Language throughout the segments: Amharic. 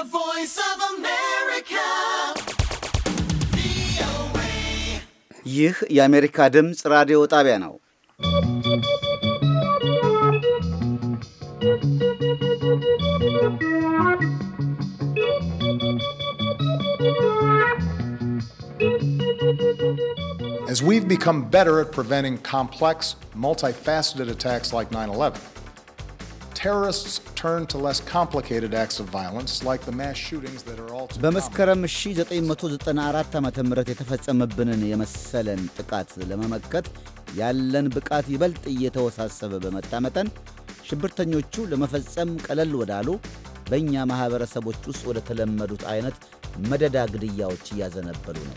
The voice of America. ይህ የአሜሪካ ድምፅ ራዲዮ ጣቢያ ነው። As we've become better at preventing complex, multifaceted attacks like 9 11 terrorists turn to less complicated acts of violence like the mass shootings that are all በመስከረም 1994 ዓ.ም የተፈጸመብንን የመሰለን ጥቃት ለመመከት ያለን ብቃት ይበልጥ እየተወሳሰበ በመጣ መጠን ሽብርተኞቹ ለመፈጸም ቀለል ወዳሉ በእኛ ማኅበረሰቦች ውስጥ ወደ ተለመዱት አይነት መደዳ ግድያዎች እያዘነበሉ ነው።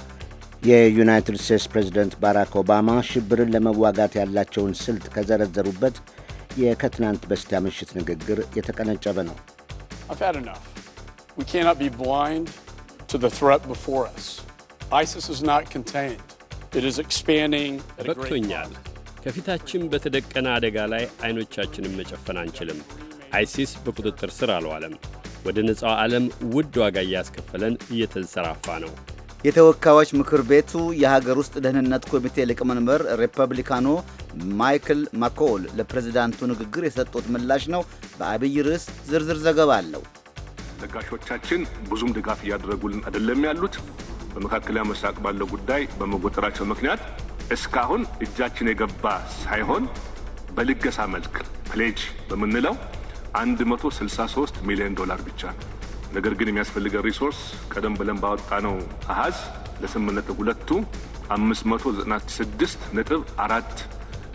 የዩናይትድ ስቴትስ ፕሬዝደንት ባራክ ኦባማ ሽብርን ለመዋጋት ያላቸውን ስልት ከዘረዘሩበት የከትናንት በስቲያ ምሽት ንግግር የተቀነጨበ ነው። በቅቶኛል። ከፊታችን በተደቀነ አደጋ ላይ አይኖቻችንን መጨፈን አንችልም። አይሲስ በቁጥጥር ስር አልዋለም። ወደ ነፃው ዓለም ውድ ዋጋ እያስከፈለን እየተንሰራፋ ነው። የተወካዮች ምክር ቤቱ የሀገር ውስጥ ደህንነት ኮሚቴ ሊቀመንበር ሪፐብሊካኑ ማይክል ማኮል ለፕሬዚዳንቱ ንግግር የሰጡት ምላሽ ነው። በአብይ ርዕስ ዝርዝር ዘገባ አለው። ለጋሾቻችን ብዙም ድጋፍ እያደረጉልን አይደለም ያሉት በመካከለያ ምስራቅ ባለው ጉዳይ በመጎጠራቸው ምክንያት እስካሁን እጃችን የገባ ሳይሆን በልገሳ መልክ ፕሌጅ በምንለው 163 ሚሊዮን ዶላር ብቻ ነው። ነገር ግን የሚያስፈልገን ሪሶርስ ቀደም ብለን ባወጣነው አሃዝ ለስምንት ሁለቱ 596 ነጥብ አራት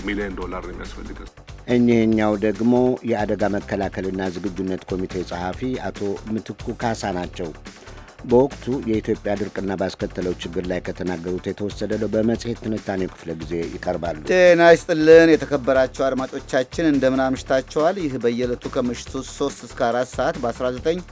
ሚሊዮን ዶላር የሚያስፈልገን። እኚህኛው ደግሞ የአደጋ መከላከልና ዝግጁነት ኮሚቴ ጸሐፊ አቶ ምትኩ ካሳ ናቸው። በወቅቱ የኢትዮጵያ ድርቅና ባስከተለው ችግር ላይ ከተናገሩት የተወሰደ ነው። በመጽሔት ትንታኔው ክፍለ ጊዜ ይቀርባሉ። ጤና ይስጥልን የተከበራቸው አድማጮቻችን እንደምን አምሽታችኋል? ይህ በየዕለቱ ከምሽቱ 3 እስከ 4 ሰዓት በ19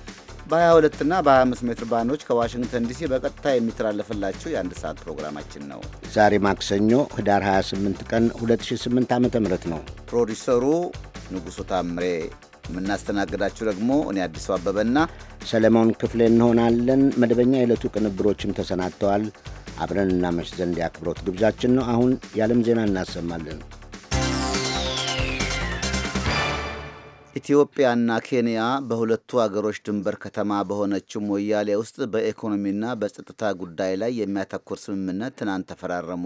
በ22 እና በ25 ሜትር ባንዶች ከዋሽንግተን ዲሲ በቀጥታ የሚተላለፍላችሁ የአንድ ሰዓት ፕሮግራማችን ነው። ዛሬ ማክሰኞ ህዳር 28 ቀን 2008 ዓ ም ነው። ፕሮዲሰሩ ንጉሱ ታምሬ፣ የምናስተናግዳችሁ ደግሞ እኔ አዲሱ አበበና ሰለሞን ክፍሌ እንሆናለን። መደበኛ የዕለቱ ቅንብሮችም ተሰናድተዋል። አብረን እናመሽ ዘንድ የአክብሮት ግብዣችን ነው። አሁን የዓለም ዜና እናሰማለን። ኢትዮጵያና ኬንያ በሁለቱ አገሮች ድንበር ከተማ በሆነችው ሞያሌ ውስጥ በኢኮኖሚና በጸጥታ ጉዳይ ላይ የሚያተኩር ስምምነት ትናንት ተፈራረሙ።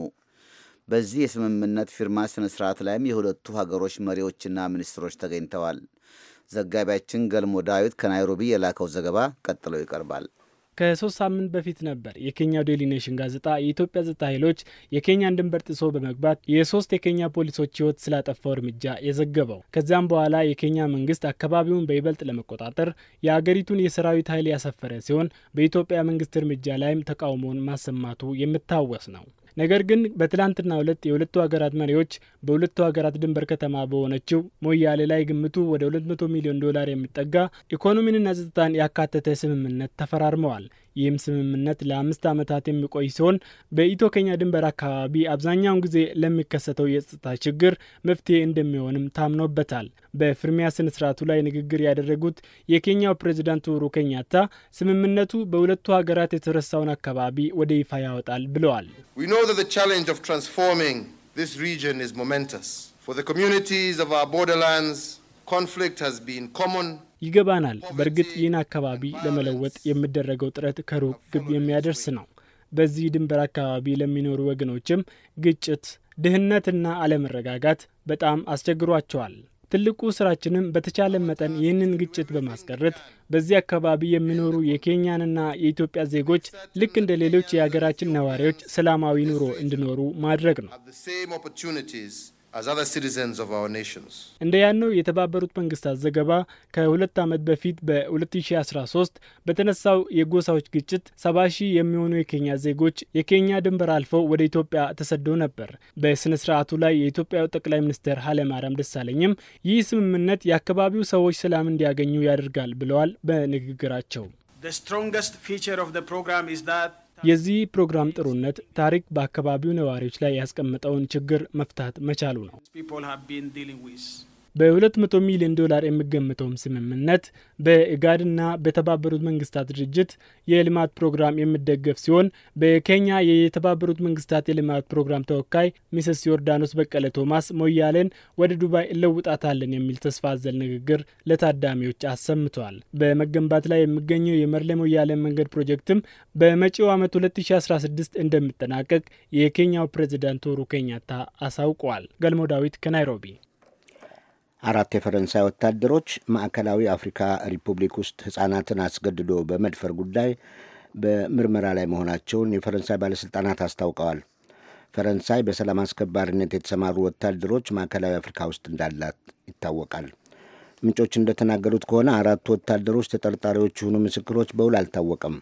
በዚህ የስምምነት ፊርማ ስነ ስርዓት ላይም የሁለቱ ሀገሮች መሪዎችና ሚኒስትሮች ተገኝተዋል። ዘጋቢያችን ገልሞ ዳዊት ከናይሮቢ የላከው ዘገባ ቀጥሎ ይቀርባል። ከሶስት ሳምንት በፊት ነበር የኬንያው ዴሊ ኔሽን ጋዜጣ የኢትዮጵያ ጸጥታ ኃይሎች የኬኛን ድንበር ጥሶ በመግባት የሶስት የኬኛ ፖሊሶች ህይወት ስላጠፋው እርምጃ የዘገበው። ከዚያም በኋላ የኬኛ መንግስት አካባቢውን በይበልጥ ለመቆጣጠር የአገሪቱን የሰራዊት ኃይል ያሰፈረ ሲሆን በኢትዮጵያ መንግስት እርምጃ ላይም ተቃውሞውን ማሰማቱ የሚታወስ ነው። ነገር ግን በትላንትና ሁለት የሁለቱ ሀገራት መሪዎች በሁለቱ ሀገራት ድንበር ከተማ በሆነችው ሞያሌ ላይ ግምቱ ወደ 200 ሚሊዮን ዶላር የሚጠጋ ኢኮኖሚንና ጸጥታን ያካተተ ስምምነት ተፈራርመዋል። ይህም ስምምነት ለአምስት ዓመታት የሚቆይ ሲሆን በኢትዮ ኬንያ ድንበር አካባቢ አብዛኛውን ጊዜ ለሚከሰተው የጸጥታ ችግር መፍትሄ እንደሚሆንም ታምኖበታል። በፍርሚያ ስነ ስርዓቱ ላይ ንግግር ያደረጉት የኬንያው ፕሬዚዳንት ኡሁሩ ኬንያታ ስምምነቱ በሁለቱ ሀገራት የተረሳውን አካባቢ ወደ ይፋ ያወጣል ብለዋል። ሪጅን ሞመንተስ ፎር ኮሚኒቲስ ኦፍ ቦርደርላንድስ ኮንፍሊክት ሃዝ ቢን ኮመን ይገባናል። በእርግጥ ይህን አካባቢ ለመለወጥ የሚደረገው ጥረት ከሩቅ ግብ የሚያደርስ ነው። በዚህ ድንበር አካባቢ ለሚኖሩ ወገኖችም ግጭት፣ ድህነትና አለመረጋጋት በጣም አስቸግሯቸዋል። ትልቁ ስራችንም በተቻለ መጠን ይህንን ግጭት በማስቀረት በዚህ አካባቢ የሚኖሩ የኬንያንና የኢትዮጵያ ዜጎች ልክ እንደ ሌሎች የሀገራችን ነዋሪዎች ሰላማዊ ኑሮ እንዲኖሩ ማድረግ ነው። እንደ ያነው የተባበሩት መንግስታት ዘገባ ከሁለት ዓመት በፊት በ2013 በተነሳው የጎሳዎች ግጭት 70 ሺህ የሚሆኑ የኬንያ ዜጎች የኬንያ ድንበር አልፈው ወደ ኢትዮጵያ ተሰደው ነበር። በስነ ስርዓቱ ላይ የኢትዮጵያው ጠቅላይ ሚኒስትር ኃይለማርያም ደሳለኝም ይህ ስምምነት የአካባቢው ሰዎች ሰላም እንዲያገኙ ያደርጋል ብለዋል በንግግራቸው። የዚህ ፕሮግራም ጥሩነት ታሪክ በአካባቢው ነዋሪዎች ላይ ያስቀመጠውን ችግር መፍታት መቻሉ ነው። በ200 ሚሊዮን ዶላር የሚገምተውም ስምምነት በእጋድና በተባበሩት መንግስታት ድርጅት የልማት ፕሮግራም የሚደገፍ ሲሆን በኬንያ የተባበሩት መንግስታት የልማት ፕሮግራም ተወካይ ሚስስ ዮርዳኖስ በቀለ ቶማስ ሞያሌን ወደ ዱባይ እለውጣታለን የሚል ተስፋ አዘል ንግግር ለታዳሚዎች አሰምተዋል። በመገንባት ላይ የሚገኘው የመርሌ ሞያሌ መንገድ ፕሮጀክትም በመጪው ዓመት 2016 እንደሚጠናቀቅ የኬንያው ፕሬዚዳንት ኡሁሩ ኬንያታ አሳውቋል። ገልሞ ዳዊት ከናይሮቢ አራት የፈረንሳይ ወታደሮች ማዕከላዊ አፍሪካ ሪፑብሊክ ውስጥ ሕፃናትን አስገድዶ በመድፈር ጉዳይ በምርመራ ላይ መሆናቸውን የፈረንሳይ ባለሥልጣናት አስታውቀዋል። ፈረንሳይ በሰላም አስከባሪነት የተሰማሩ ወታደሮች ማዕከላዊ አፍሪካ ውስጥ እንዳላት ይታወቃል። ምንጮች እንደተናገሩት ከሆነ አራቱ ወታደሮች ተጠርጣሪዎች የሆኑ ምስክሮች በውል አልታወቀም።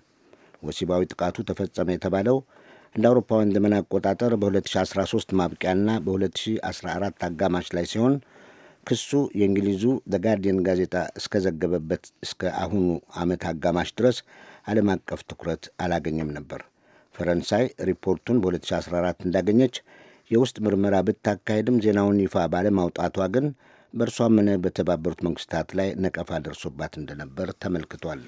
ወሲባዊ ጥቃቱ ተፈጸመ የተባለው እንደ አውሮፓውያን ዘመን አቆጣጠር በ2013 ማብቂያና በ2014 አጋማሽ ላይ ሲሆን ክሱ የእንግሊዙ ዘጋርዲየን ጋዜጣ እስከዘገበበት እስከ አሁኑ ዓመት አጋማሽ ድረስ ዓለም አቀፍ ትኩረት አላገኘም ነበር። ፈረንሳይ ሪፖርቱን በ2014 እንዳገኘች የውስጥ ምርመራ ብታካሄድም ዜናውን ይፋ ባለማውጣቷ ግን በእርሷም ሆነ በተባበሩት መንግስታት ላይ ነቀፋ ደርሶባት እንደነበር ተመልክቷል።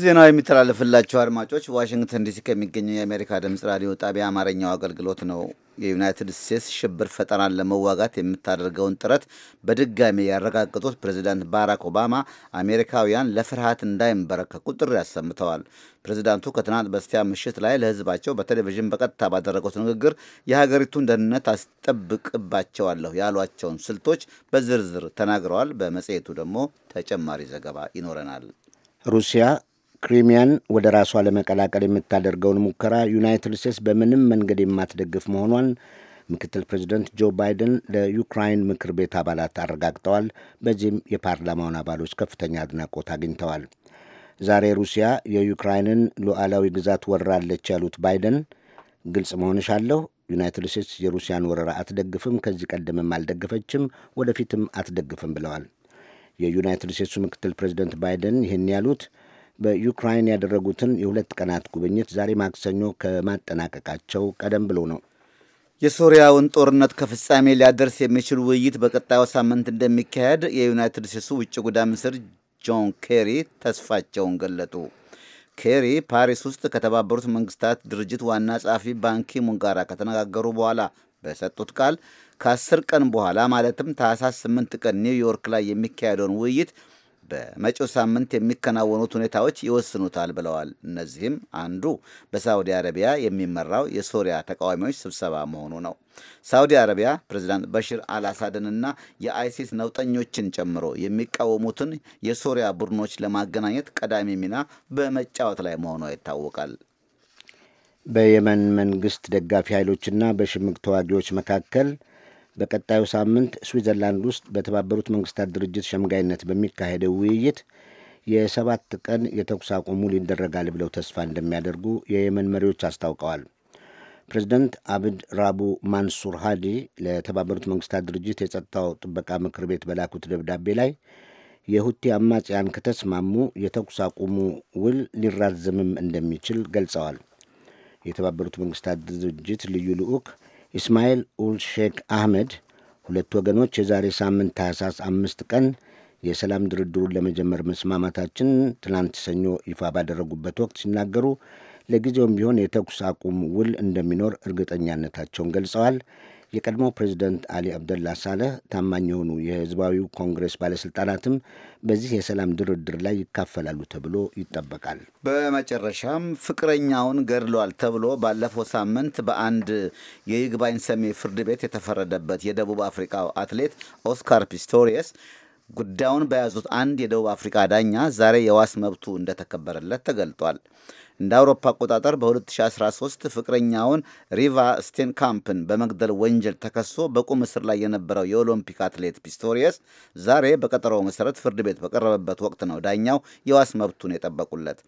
ዜና የሚተላለፍላቸው አድማጮች ዋሽንግተን ዲሲ ከሚገኘው የአሜሪካ ድምፅ ራዲዮ ጣቢያ አማርኛው አገልግሎት ነው። የዩናይትድ ስቴትስ ሽብር ፈጠራን ለመዋጋት የምታደርገውን ጥረት በድጋሚ ያረጋገጡት ፕሬዚዳንት ባራክ ኦባማ አሜሪካውያን ለፍርሃት እንዳይንበረከኩ ጥሪ አሰምተዋል። ፕሬዚዳንቱ ከትናንት በስቲያ ምሽት ላይ ለሕዝባቸው በቴሌቪዥን በቀጥታ ባደረጉት ንግግር የሀገሪቱን ደህንነት አስጠብቅባቸዋለሁ ያሏቸውን ስልቶች በዝርዝር ተናግረዋል። በመጽሔቱ ደግሞ ተጨማሪ ዘገባ ይኖረናል። ሩሲያ ክሪሚያን ወደ ራሷ ለመቀላቀል የምታደርገውን ሙከራ ዩናይትድ ስቴትስ በምንም መንገድ የማትደግፍ መሆኗን ምክትል ፕሬዚደንት ጆ ባይደን ለዩክራይን ምክር ቤት አባላት አረጋግጠዋል። በዚህም የፓርላማውን አባሎች ከፍተኛ አድናቆት አግኝተዋል። ዛሬ ሩሲያ የዩክራይንን ሉዓላዊ ግዛት ወራለች ያሉት ባይደን ግልጽ መሆንሻለሁ፣ ዩናይትድ ስቴትስ የሩሲያን ወረራ አትደግፍም፣ ከዚህ ቀደምም አልደገፈችም፣ ወደፊትም አትደግፍም ብለዋል። የዩናይትድ ስቴትሱ ምክትል ፕሬዚደንት ባይደን ይህን ያሉት በዩክራይን ያደረጉትን የሁለት ቀናት ጉብኝት ዛሬ ማክሰኞ ከማጠናቀቃቸው ቀደም ብሎ ነው። የሶሪያውን ጦርነት ከፍጻሜ ሊያደርስ የሚችል ውይይት በቀጣዩ ሳምንት እንደሚካሄድ የዩናይትድ ስቴትሱ ውጭ ጉዳይ ሚኒስትር ጆን ኬሪ ተስፋቸውን ገለጡ። ኬሪ ፓሪስ ውስጥ ከተባበሩት መንግስታት ድርጅት ዋና ጸሐፊ ባንኪሙን ጋር ከተነጋገሩ በኋላ በሰጡት ቃል ከአስር ቀን በኋላ ማለትም ታህሳስ 8 ቀን ኒውዮርክ ላይ የሚካሄደውን ውይይት በመጪው ሳምንት የሚከናወኑት ሁኔታዎች ይወስኑታል ብለዋል። እነዚህም አንዱ በሳውዲ አረቢያ የሚመራው የሶሪያ ተቃዋሚዎች ስብሰባ መሆኑ ነው። ሳውዲ አረቢያ ፕሬዚዳንት በሽር አልአሳድንና የአይሲስ ነውጠኞችን ጨምሮ የሚቃወሙትን የሶሪያ ቡድኖች ለማገናኘት ቀዳሚ ሚና በመጫወት ላይ መሆኗ ይታወቃል። በየመን መንግስት ደጋፊ ኃይሎችና በሽምቅ ተዋጊዎች መካከል በቀጣዩ ሳምንት ስዊዘርላንድ ውስጥ በተባበሩት መንግስታት ድርጅት ሸምጋይነት በሚካሄደው ውይይት የሰባት ቀን የተኩስ አቁሙ ይደረጋል ብለው ተስፋ እንደሚያደርጉ የየመን መሪዎች አስታውቀዋል። ፕሬዚደንት አብድ ራቡ ማንሱር ሃዲ ለተባበሩት መንግስታት ድርጅት የጸጥታው ጥበቃ ምክር ቤት በላኩት ደብዳቤ ላይ የሁቲ አማጽያን ከተስማሙ የተኩስ አቁሙ ውል ሊራዘምም እንደሚችል ገልጸዋል። የተባበሩት መንግስታት ድርጅት ልዩ ልዑክ ኢስማኤል ኡል ሼክ አህመድ ሁለት ወገኖች የዛሬ ሳምንት ታህሳስ አምስት ቀን የሰላም ድርድሩን ለመጀመር መስማማታችን ትናንት ሰኞ ይፋ ባደረጉበት ወቅት ሲናገሩ ለጊዜውም ቢሆን የተኩስ አቁም ውል እንደሚኖር እርግጠኛነታቸውን ገልጸዋል። የቀድሞ ፕሬዚደንት አሊ አብደላ ሳለህ ታማኝ የሆኑ የህዝባዊው ኮንግረስ ባለስልጣናትም በዚህ የሰላም ድርድር ላይ ይካፈላሉ ተብሎ ይጠበቃል። በመጨረሻም ፍቅረኛውን ገድሏል ተብሎ ባለፈው ሳምንት በአንድ የይግባኝ ሰሚ ፍርድ ቤት የተፈረደበት የደቡብ አፍሪካው አትሌት ኦስካር ፒስቶሪየስ ጉዳዩን በያዙት አንድ የደቡብ አፍሪካ ዳኛ ዛሬ የዋስ መብቱ እንደተከበረለት ተገልጧል። እንደ አውሮፓ አቆጣጠር በ2013 ፍቅረኛውን ሪቫ ስቴንካምፕን በመግደል ወንጀል ተከሶ በቁም እስር ላይ የነበረው የኦሎምፒክ አትሌት ፒስቶሪየስ ዛሬ በቀጠሮው መሰረት ፍርድ ቤት በቀረበበት ወቅት ነው ዳኛው የዋስ መብቱን የጠበቁለት።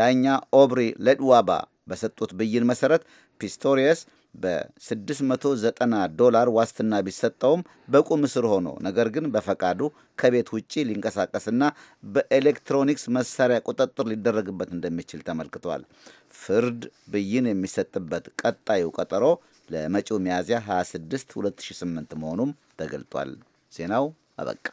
ዳኛ ኦብሪ ለድዋባ በሰጡት ብይን መሰረት ፒስቶሪየስ በ690 ዶላር ዋስትና ቢሰጠውም በቁም እስር ሆኖ ነገር ግን በፈቃዱ ከቤት ውጪ ሊንቀሳቀስና በኤሌክትሮኒክስ መሳሪያ ቁጥጥር ሊደረግበት እንደሚችል ተመልክቷል። ፍርድ ብይን የሚሰጥበት ቀጣዩ ቀጠሮ ለመጪው ሚያዝያ 26 2008 መሆኑም ተገልጧል። ዜናው አበቃ።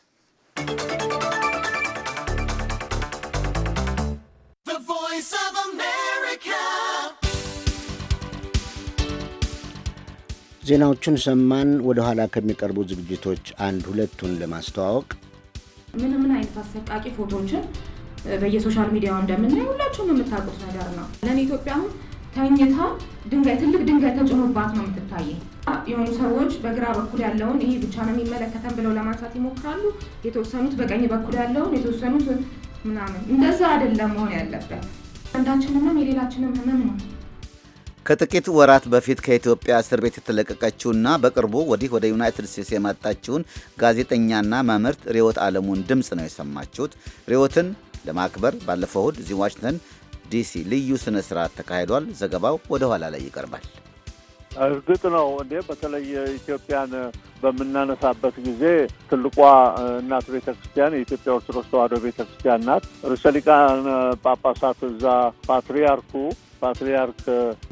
ዜናዎቹን ሰማን። ወደ ኋላ ከሚቀርቡ ዝግጅቶች አንድ ሁለቱን ለማስተዋወቅ ምን ምን አይነት አሰቃቂ ፎቶዎችን በየሶሻል ሚዲያው እንደምናይ ሁላችሁም የምታውቁት ነገር ነው። ለእኔ ኢትዮጵያም ተኝታ ድንጋይ ትልቅ ድንጋይ ተጭኖባት ነው የምትታየኝ። የሆኑ ሰዎች በግራ በኩል ያለውን ይሄ ብቻ ነው የሚመለከተን ብለው ለማንሳት ይሞክራሉ። የተወሰኑት በቀኝ በኩል ያለውን የተወሰኑት ምናምን፣ እንደዛ አይደለም መሆን ያለበት። አንዳችንም የሌላችንም ህመም ነው። ከጥቂት ወራት በፊት ከኢትዮጵያ እስር ቤት የተለቀቀችውና በቅርቡ ወዲህ ወደ ዩናይትድ ስቴትስ የመጣችውን ጋዜጠኛና መምህርት ሪዮት አለሙን ድምፅ ነው የሰማችሁት። ሪዮትን ለማክበር ባለፈው እሁድ እዚህ ዋሽንግተን ዲሲ ልዩ ስነ ስርዓት ተካሂዷል። ዘገባው ወደ ኋላ ላይ ይቀርባል። እርግጥ ነው እንዴ በተለይ ኢትዮጵያን በምናነሳበት ጊዜ ትልቋ እናት ቤተ ክርስቲያን የኢትዮጵያ ኦርቶዶክስ ተዋሕዶ ቤተ ክርስቲያን ናት። ርዕሰ ሊቃነ ጳጳሳት እዛ ፓትሪያርኩ ፓትሪያርክ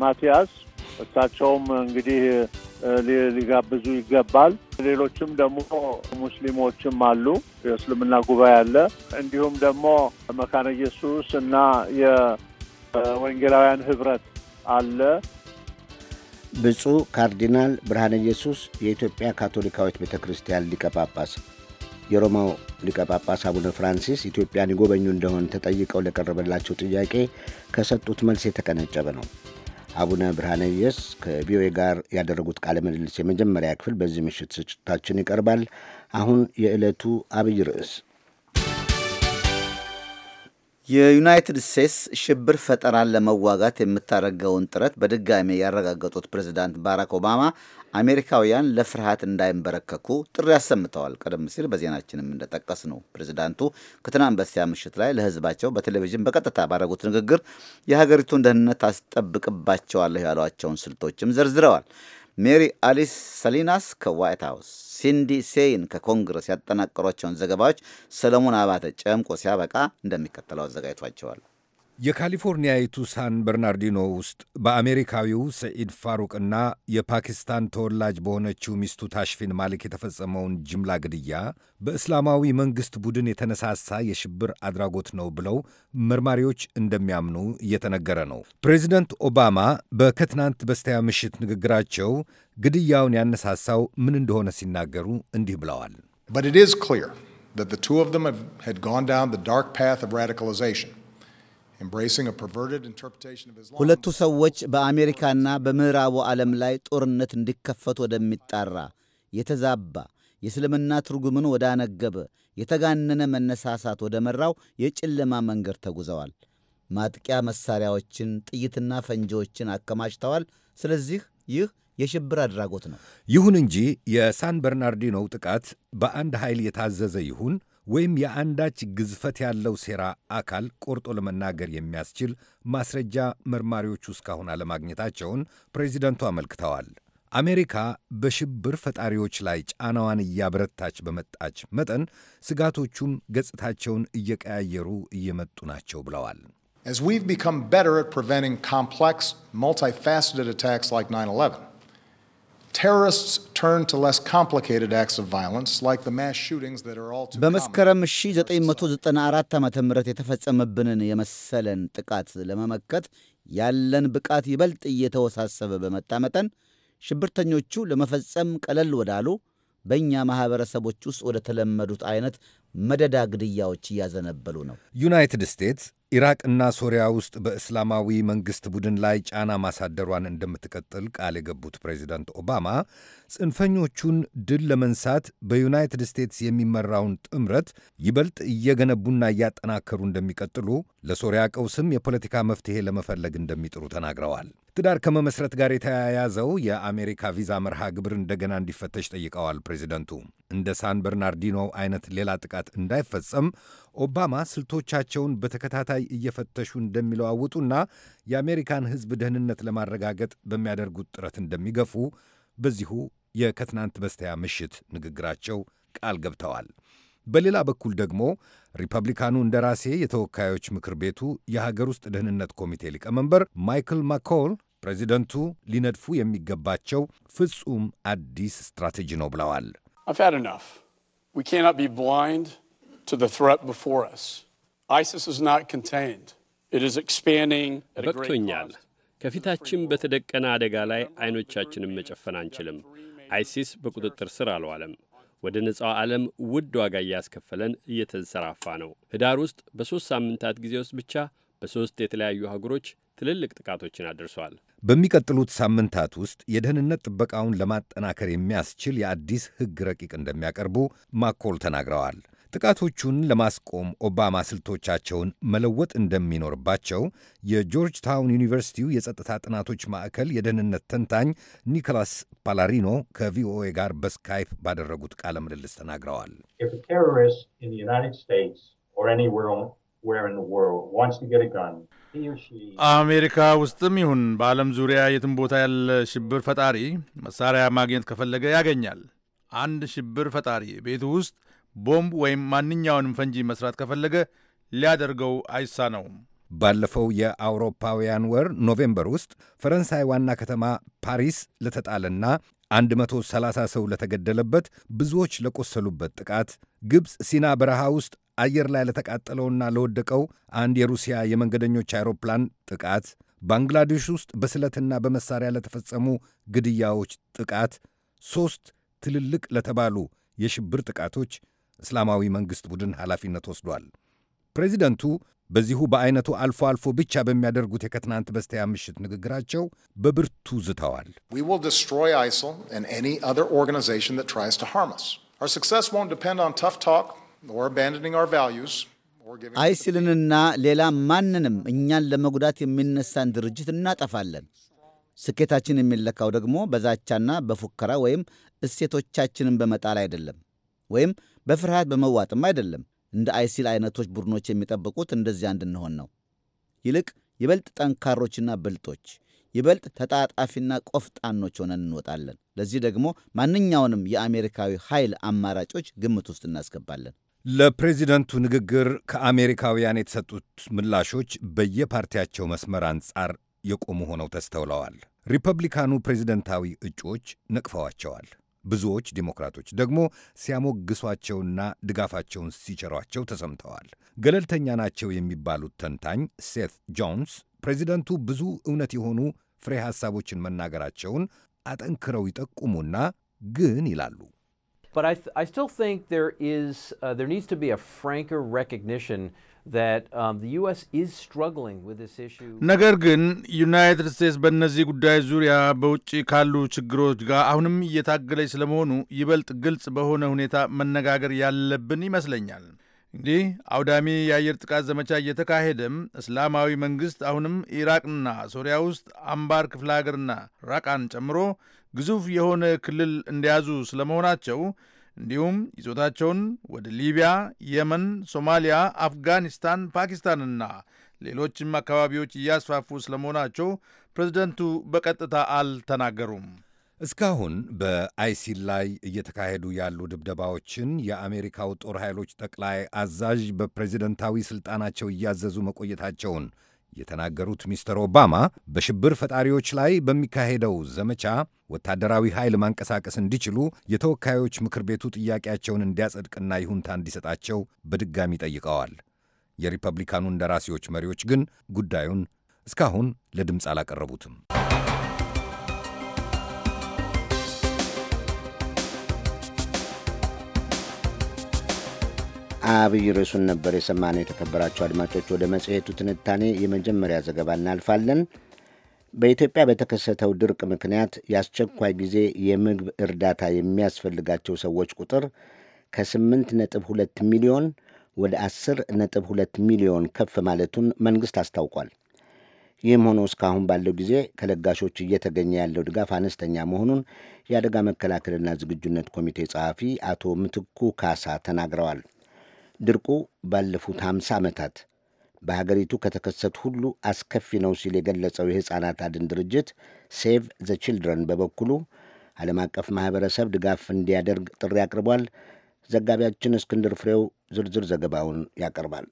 ማቲያስ እሳቸውም እንግዲህ ሊጋብዙ ይገባል። ሌሎችም ደግሞ ሙስሊሞችም አሉ፣ የእስልምና ጉባኤ አለ። እንዲሁም ደግሞ መካነ ኢየሱስ እና የወንጌላውያን ህብረት አለ። ብፁዕ ካርዲናል ብርሃነ ኢየሱስ የኢትዮጵያ ካቶሊካዊት ቤተ ክርስቲያን ሊቀ ጳጳስ የሮማው ሊቀ ጳጳስ አቡነ ፍራንሲስ ኢትዮጵያን ይጎበኙ እንደሆን ተጠይቀው ለቀረበላቸው ጥያቄ ከሰጡት መልስ የተቀነጨበ ነው። አቡነ ብርሃነ ከቪኦኤ ጋር ያደረጉት ቃለ ምልልስ የመጀመሪያ ክፍል በዚህ ምሽት ስርጭታችን ይቀርባል። አሁን የዕለቱ አብይ ርዕስ የዩናይትድ ስቴትስ ሽብር ፈጠራን ለመዋጋት የምታደርገውን ጥረት በድጋሚ ያረጋገጡት ፕሬዚዳንት ባራክ ኦባማ አሜሪካውያን ለፍርሃት እንዳይንበረከኩ ጥሪ አሰምተዋል። ቀደም ሲል በዜናችንም እንደጠቀስ ነው ፕሬዚዳንቱ ከትናንት በስቲያ ምሽት ላይ ለሕዝባቸው በቴሌቪዥን በቀጥታ ባደረጉት ንግግር የሀገሪቱን ደህንነት አስጠብቅባቸዋለሁ ያሏቸውን ስልቶችም ዘርዝረዋል። ሜሪ አሊስ ሰሊናስ ከዋይት ሀውስ፣ ሲንዲ ሴይን ከኮንግረስ ያጠናቀሯቸውን ዘገባዎች ሰለሞን አባተ ጨምቆ ሲያበቃ እንደሚከተለው አዘጋጅቷቸዋል። የካሊፎርኒያዊቱ ሳን በርናርዲኖ ውስጥ በአሜሪካዊው ሰኢድ ፋሩቅና የፓኪስታን ተወላጅ በሆነችው ሚስቱ ታሽፊን ማሊክ የተፈጸመውን ጅምላ ግድያ በእስላማዊ መንግሥት ቡድን የተነሳሳ የሽብር አድራጎት ነው ብለው መርማሪዎች እንደሚያምኑ እየተነገረ ነው። ፕሬዚደንት ኦባማ በከትናንት በስቲያ ምሽት ንግግራቸው ግድያውን ያነሳሳው ምን እንደሆነ ሲናገሩ እንዲህ ብለዋል። ሁለቱ ሰዎች በአሜሪካና በምዕራቡ ዓለም ላይ ጦርነት እንዲከፈት ወደሚጣራ የተዛባ የእስልምና ትርጉምን ወዳነገበ የተጋነነ መነሳሳት ወደ መራው የጨለማ መንገድ ተጉዘዋል። ማጥቂያ መሳሪያዎችን፣ ጥይትና ፈንጂዎችን አከማችተዋል። ስለዚህ ይህ የሽብር አድራጎት ነው። ይሁን እንጂ የሳን በርናርዲኖው ጥቃት በአንድ ኃይል የታዘዘ ይሁን ወይም የአንዳች ግዝፈት ያለው ሴራ አካል ቆርጦ ለመናገር የሚያስችል ማስረጃ መርማሪዎቹ እስካሁን አለማግኘታቸውን ፕሬዚደንቱ አመልክተዋል። አሜሪካ በሽብር ፈጣሪዎች ላይ ጫናዋን እያበረታች በመጣች መጠን ስጋቶቹም ገጽታቸውን እየቀያየሩ እየመጡ ናቸው ብለዋል። As we've become better at preventing complex, multifaceted attacks like 9/11. በመስከረም 1994 ዓ ም የተፈጸመብንን የመሰለን ጥቃት ለመመከት ያለን ብቃት ይበልጥ እየተወሳሰበ በመጣ መጠን ሽብርተኞቹ ለመፈጸም ቀለል ወዳሉ በእኛ ማኅበረሰቦች ውስጥ ወደ ተለመዱት አይነት መደዳ ግድያዎች እያዘነበሉ ነው። ዩናይትድ ስቴትስ ኢራቅና ሶሪያ ውስጥ በእስላማዊ መንግሥት ቡድን ላይ ጫና ማሳደሯን እንደምትቀጥል ቃል የገቡት ፕሬዚዳንት ኦባማ ጽንፈኞቹን ድል ለመንሳት በዩናይትድ ስቴትስ የሚመራውን ጥምረት ይበልጥ እየገነቡና እያጠናከሩ እንደሚቀጥሉ፣ ለሶሪያ ቀውስም የፖለቲካ መፍትሔ ለመፈለግ እንደሚጥሩ ተናግረዋል። ትዳር ከመመስረት ጋር የተያያዘው የአሜሪካ ቪዛ መርሃ ግብር እንደገና እንዲፈተሽ ጠይቀዋል ፕሬዚደንቱ። እንደ ሳን በርናርዲኖ አይነት ሌላ ጥቃት እንዳይፈጸም ኦባማ ስልቶቻቸውን በተከታታይ እየፈተሹ እንደሚለዋውጡና የአሜሪካን ሕዝብ ደህንነት ለማረጋገጥ በሚያደርጉት ጥረት እንደሚገፉ በዚሁ የከትናንት በስቲያ ምሽት ንግግራቸው ቃል ገብተዋል። በሌላ በኩል ደግሞ ሪፐብሊካኑ እንደራሴ የተወካዮች ምክር ቤቱ የሀገር ውስጥ ደህንነት ኮሚቴ ሊቀመንበር ማይክል ማኮል ፕሬዚደንቱ ሊነድፉ የሚገባቸው ፍጹም አዲስ ስትራቴጂ ነው ብለዋል። በቅቶኛል። ከፊታችን በተደቀነ አደጋ ላይ አይኖቻችንን መጨፈን አንችልም። አይሲስ በቁጥጥር ስር አልዋለም። ወደ ነጻው ዓለም ውድ ዋጋ እያስከፈለን እየተንሰራፋ ነው። ህዳር ውስጥ በሦስት ሳምንታት ጊዜ ውስጥ ብቻ በሦስት የተለያዩ አህጉሮች ትልልቅ ጥቃቶችን አድርሷል። በሚቀጥሉት ሳምንታት ውስጥ የደህንነት ጥበቃውን ለማጠናከር የሚያስችል የአዲስ ሕግ ረቂቅ እንደሚያቀርቡ ማኮል ተናግረዋል። ጥቃቶቹን ለማስቆም ኦባማ ስልቶቻቸውን መለወጥ እንደሚኖርባቸው የጆርጅ ታውን ዩኒቨርሲቲው የጸጥታ ጥናቶች ማዕከል የደህንነት ተንታኝ ኒኮላስ ፓላሪኖ ከቪኦኤ ጋር በስካይፕ ባደረጉት ቃለ ምልልስ ተናግረዋል። አሜሪካ ውስጥም ይሁን በዓለም ዙሪያ የትም ቦታ ያለ ሽብር ፈጣሪ መሳሪያ ማግኘት ከፈለገ ያገኛል። አንድ ሽብር ፈጣሪ ቤቱ ውስጥ ቦምብ ወይም ማንኛውንም ፈንጂ መስራት ከፈለገ ሊያደርገው አይሳነውም። ባለፈው የአውሮፓውያን ወር ኖቬምበር ውስጥ ፈረንሳይ ዋና ከተማ ፓሪስ ለተጣለና 130 ሰው ለተገደለበት ብዙዎች ለቆሰሉበት ጥቃት ግብፅ ሲና በረሃ ውስጥ አየር ላይ ለተቃጠለውና ለወደቀው አንድ የሩሲያ የመንገደኞች አይሮፕላን ጥቃት ባንግላዴሽ ውስጥ በስለትና በመሳሪያ ለተፈጸሙ ግድያዎች ጥቃት ሦስት ትልልቅ ለተባሉ የሽብር ጥቃቶች እስላማዊ መንግሥት ቡድን ኃላፊነት ወስዷል። ፕሬዚደንቱ በዚሁ በአይነቱ አልፎ አልፎ ብቻ በሚያደርጉት የከትናንት በስቲያ ምሽት ንግግራቸው በብርቱ ዝተዋል። አይሲልንና ሌላ ማንንም እኛን ለመጉዳት የሚነሳን ድርጅት እናጠፋለን። ስኬታችን የሚለካው ደግሞ በዛቻና በፉከራ ወይም እሴቶቻችንን በመጣል አይደለም። ወይም በፍርሃት በመዋጥም አይደለም። እንደ አይሲል አይነቶች ቡድኖች የሚጠብቁት እንደዚያ እንድንሆን ነው። ይልቅ ይበልጥ ጠንካሮችና ብልጦች፣ ይበልጥ ተጣጣፊና ቆፍጣኖች ሆነን እንወጣለን። ለዚህ ደግሞ ማንኛውንም የአሜሪካዊ ኃይል አማራጮች ግምት ውስጥ እናስገባለን። ለፕሬዚደንቱ ንግግር ከአሜሪካውያን የተሰጡት ምላሾች በየፓርቲያቸው መስመር አንጻር የቆሙ ሆነው ተስተውለዋል። ሪፐብሊካኑ ፕሬዚደንታዊ እጩዎች ነቅፈዋቸዋል። ብዙዎች ዲሞክራቶች ደግሞ ሲያሞግሷቸውና ድጋፋቸውን ሲቸሯቸው ተሰምተዋል። ገለልተኛ ናቸው የሚባሉት ተንታኝ ሴት ጆንስ ፕሬዚደንቱ ብዙ እውነት የሆኑ ፍሬ ሐሳቦችን መናገራቸውን አጠንክረው ይጠቁሙና ግን ይላሉ But I, th I still think there is, uh, there needs to be a franker recognition Um, ነገር ግን ዩናይትድ ስቴትስ በእነዚህ ጉዳዮች ዙሪያ በውጭ ካሉ ችግሮች ጋር አሁንም እየታገለች ስለመሆኑ ይበልጥ ግልጽ በሆነ ሁኔታ መነጋገር ያለብን ይመስለኛል። እንግዲህ አውዳሚ የአየር ጥቃት ዘመቻ እየተካሄደም እስላማዊ መንግሥት አሁንም ኢራቅና ሶሪያ ውስጥ አምባር ክፍለ ሀገርና ራቃን ጨምሮ ግዙፍ የሆነ ክልል እንደያዙ ስለመሆናቸው እንዲሁም ይዞታቸውን ወደ ሊቢያ፣ የመን፣ ሶማሊያ፣ አፍጋኒስታን፣ ፓኪስታንና ሌሎችም አካባቢዎች እያስፋፉ ስለመሆናቸው ፕሬዝደንቱ በቀጥታ አልተናገሩም። እስካሁን በአይሲል ላይ እየተካሄዱ ያሉ ድብደባዎችን የአሜሪካው ጦር ኃይሎች ጠቅላይ አዛዥ በፕሬዚደንታዊ ሥልጣናቸው እያዘዙ መቆየታቸውን የተናገሩት ሚስተር ኦባማ በሽብር ፈጣሪዎች ላይ በሚካሄደው ዘመቻ ወታደራዊ ኃይል ማንቀሳቀስ እንዲችሉ የተወካዮች ምክር ቤቱ ጥያቄያቸውን እንዲያጸድቅና ይሁንታ እንዲሰጣቸው በድጋሚ ጠይቀዋል። የሪፐብሊካኑ እንደራሴዎች መሪዎች ግን ጉዳዩን እስካሁን ለድምፅ አላቀረቡትም። አብይ ርዕሱን ነበር የሰማነው። የተከበራቸው አድማጮች፣ ወደ መጽሔቱ ትንታኔ የመጀመሪያ ዘገባ እናልፋለን። በኢትዮጵያ በተከሰተው ድርቅ ምክንያት የአስቸኳይ ጊዜ የምግብ እርዳታ የሚያስፈልጋቸው ሰዎች ቁጥር ከ8.2 ሚሊዮን ወደ 10.2 ሚሊዮን ከፍ ማለቱን መንግሥት አስታውቋል። ይህም ሆኖ እስካሁን ባለው ጊዜ ከለጋሾች እየተገኘ ያለው ድጋፍ አነስተኛ መሆኑን የአደጋ መከላከልና ዝግጁነት ኮሚቴ ጸሐፊ አቶ ምትኩ ካሳ ተናግረዋል። ድርቁ ባለፉት 50 ዓመታት በሀገሪቱ ከተከሰቱ ሁሉ አስከፊ ነው ሲል የገለጸው የሕፃናት አድን ድርጅት ሴቭ ዘ ችልድረን በበኩሉ ዓለም አቀፍ ማኅበረሰብ ድጋፍ እንዲያደርግ ጥሪ አቅርቧል። ዘጋቢያችን እስክንድር ፍሬው ዝርዝር ዘገባውን ያቀርባል።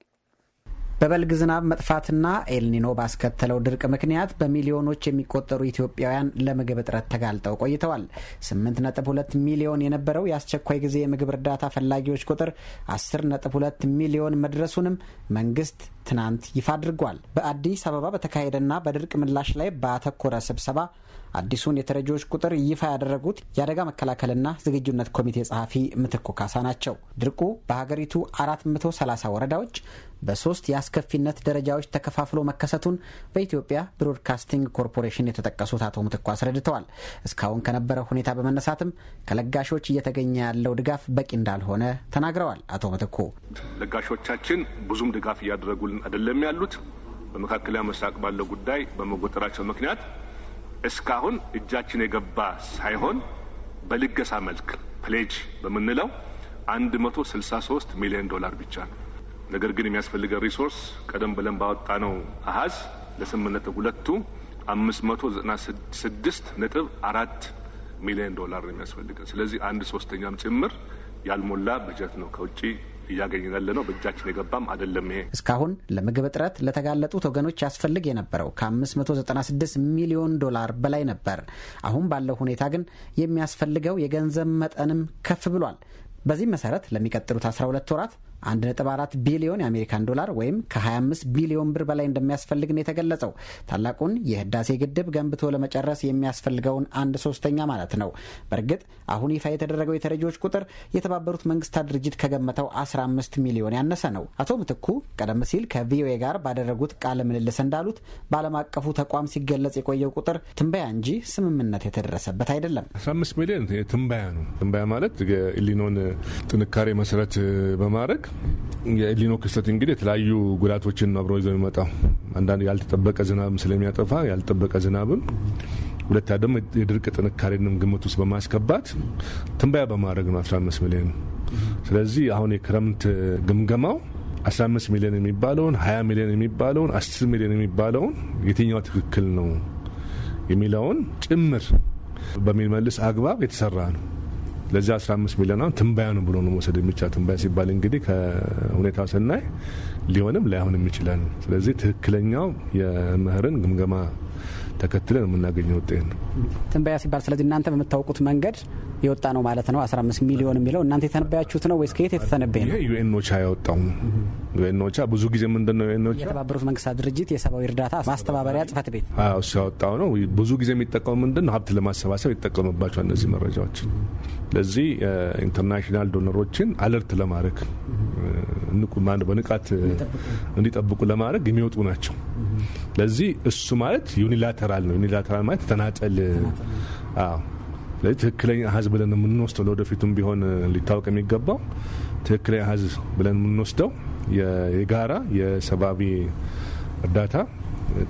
በበልግ ዝናብ መጥፋትና ኤልኒኖ ባስከተለው ድርቅ ምክንያት በሚሊዮኖች የሚቆጠሩ ኢትዮጵያውያን ለምግብ እጥረት ተጋልጠው ቆይተዋል። 8.2 ሚሊዮን የነበረው የአስቸኳይ ጊዜ የምግብ እርዳታ ፈላጊዎች ቁጥር 10.2 ሚሊዮን መድረሱንም መንግስት ትናንት ይፋ አድርጓል። በአዲስ አበባ በተካሄደና በድርቅ ምላሽ ላይ ባተኮረ ስብሰባ አዲሱን የተረጂዎች ቁጥር ይፋ ያደረጉት የአደጋ መከላከልና ዝግጁነት ኮሚቴ ጸሐፊ ምትኩ ካሳ ናቸው። ድርቁ በሀገሪቱ 430 ወረዳዎች በሶስት የአስከፊነት ደረጃዎች ተከፋፍሎ መከሰቱን በኢትዮጵያ ብሮድካስቲንግ ኮርፖሬሽን የተጠቀሱት አቶ ምትኩ አስረድተዋል። እስካሁን ከነበረው ሁኔታ በመነሳትም ከለጋሾች እየተገኘ ያለው ድጋፍ በቂ እንዳልሆነ ተናግረዋል። አቶ ምትኩ ለጋሾቻችን ብዙም ድጋፍ እያደረጉልን አይደለም ያሉት በመካከለኛው ምስራቅ ባለው ጉዳይ በመጎጠራቸው ምክንያት እስካሁን እጃችን የገባ ሳይሆን በልገሳ መልክ ፕሌጅ በምንለው 163 ሚሊዮን ዶላር ብቻ ነው። ነገር ግን የሚያስፈልገ ሪሶርስ ቀደም ብለን ባወጣነው አሀዝ ለስምነት ሁለቱ አምስት መቶ ዘጠና ስድስት ነጥብ አራት ሚሊዮን ዶላር ነው የሚያስፈልገን። ስለዚህ አንድ ሶስተኛም ጭምር ያልሞላ በጀት ነው ከውጭ እያገኘን ያለ ነው። በእጃችን የገባም አይደለም። ይሄ እስካሁን ለምግብ እጥረት ለተጋለጡት ወገኖች ያስፈልግ የነበረው ከ596 ሚሊዮን ዶላር በላይ ነበር። አሁን ባለው ሁኔታ ግን የሚያስፈልገው የገንዘብ መጠንም ከፍ ብሏል። በዚህም መሰረት ለሚቀጥሉት 12 ወራት 1.4 ቢሊዮን የአሜሪካን ዶላር ወይም ከ25 ቢሊዮን ብር በላይ እንደሚያስፈልግ ነው የተገለጸው። ታላቁን የህዳሴ ግድብ ገንብቶ ለመጨረስ የሚያስፈልገውን አንድ ሶስተኛ ማለት ነው። በእርግጥ አሁን ይፋ የተደረገው የተረጂዎች ቁጥር የተባበሩት መንግስታት ድርጅት ከገመተው 15 ሚሊዮን ያነሰ ነው። አቶ ምትኩ ቀደም ሲል ከቪኦኤ ጋር ባደረጉት ቃለ ምልልስ እንዳሉት በዓለም አቀፉ ተቋም ሲገለጽ የቆየው ቁጥር ትንበያ እንጂ ስምምነት የተደረሰበት አይደለም። 15 ሚሊዮን ትንበያ ነው። ትንበያ ማለት የህሊናን ጥንካሬ መሰረት በማድረግ የኤሊኖ ክስተት እንግዲህ የተለያዩ ጉዳቶችን አብሮ ይዘው የሚመጣው አንዳንድ ያልተጠበቀ ዝናብ ስለሚያጠፋ ያልተጠበቀ ዝናብም ሁለታ ደግሞ የድርቅ ጥንካሬንም ግምት ውስጥ በማስገባት ትንበያ በማድረግ ነው 15 ሚሊዮን። ስለዚህ አሁን የክረምት ግምገማው 15 ሚሊዮን የሚባለውን 20 ሚሊዮን የሚባለውን 10 ሚሊዮን የሚባለውን የትኛው ትክክል ነው የሚለውን ጭምር በሚመልስ አግባብ የተሰራ ነው። ለዚህ 15 ሚሊዮን አሁን ትንበያ ነው ብሎ ነው መውሰድ የሚቻል። ትንበያ ሲባል እንግዲህ ከሁኔታ ስናይ ሊሆንም ላይሆንም ይችላል። ስለዚህ ትክክለኛው የምህርን ግምገማ ተከትለን የምናገኘው ውጤት ነው ትንበያ ሲባል። ስለዚህ እናንተ በምታውቁት መንገድ የወጣ ነው ማለት ነው። 15 ሚሊዮን የሚለው እናንተ የተነበያችሁት ነው ወይስ ከየት የተተነበየ ነው? ዩኤንኦቻ ያወጣው ዩኤንኦቻ ብዙ ጊዜ ምንድን ነው የተባበሩት መንግስታት ድርጅት የሰብአዊ እርዳታ ማስተባበሪያ ጽፈት ቤት እሱ ያወጣው ነው። ብዙ ጊዜ የሚጠቀሙ ምንድን ነው ሀብት ለማሰባሰብ ይጠቀምባቸው እነዚህ መረጃዎች። ለዚህ ኢንተርናሽናል ዶነሮችን አለርት ለማድረግ በንቃት እንዲጠብቁ ለማድረግ የሚወጡ ናቸው። ለዚህ እሱ ማለት ዩኒላተራል ነው። ዩኒላተራል ማለት ተናጠል ትክክለኛ ህዝብ ብለን የምንወስደው ለወደፊቱም ቢሆን ሊታወቅ የሚገባው ትክክለኛ ህዝብ ብለን የምንወስደው የጋራ የሰብአዊ እርዳታ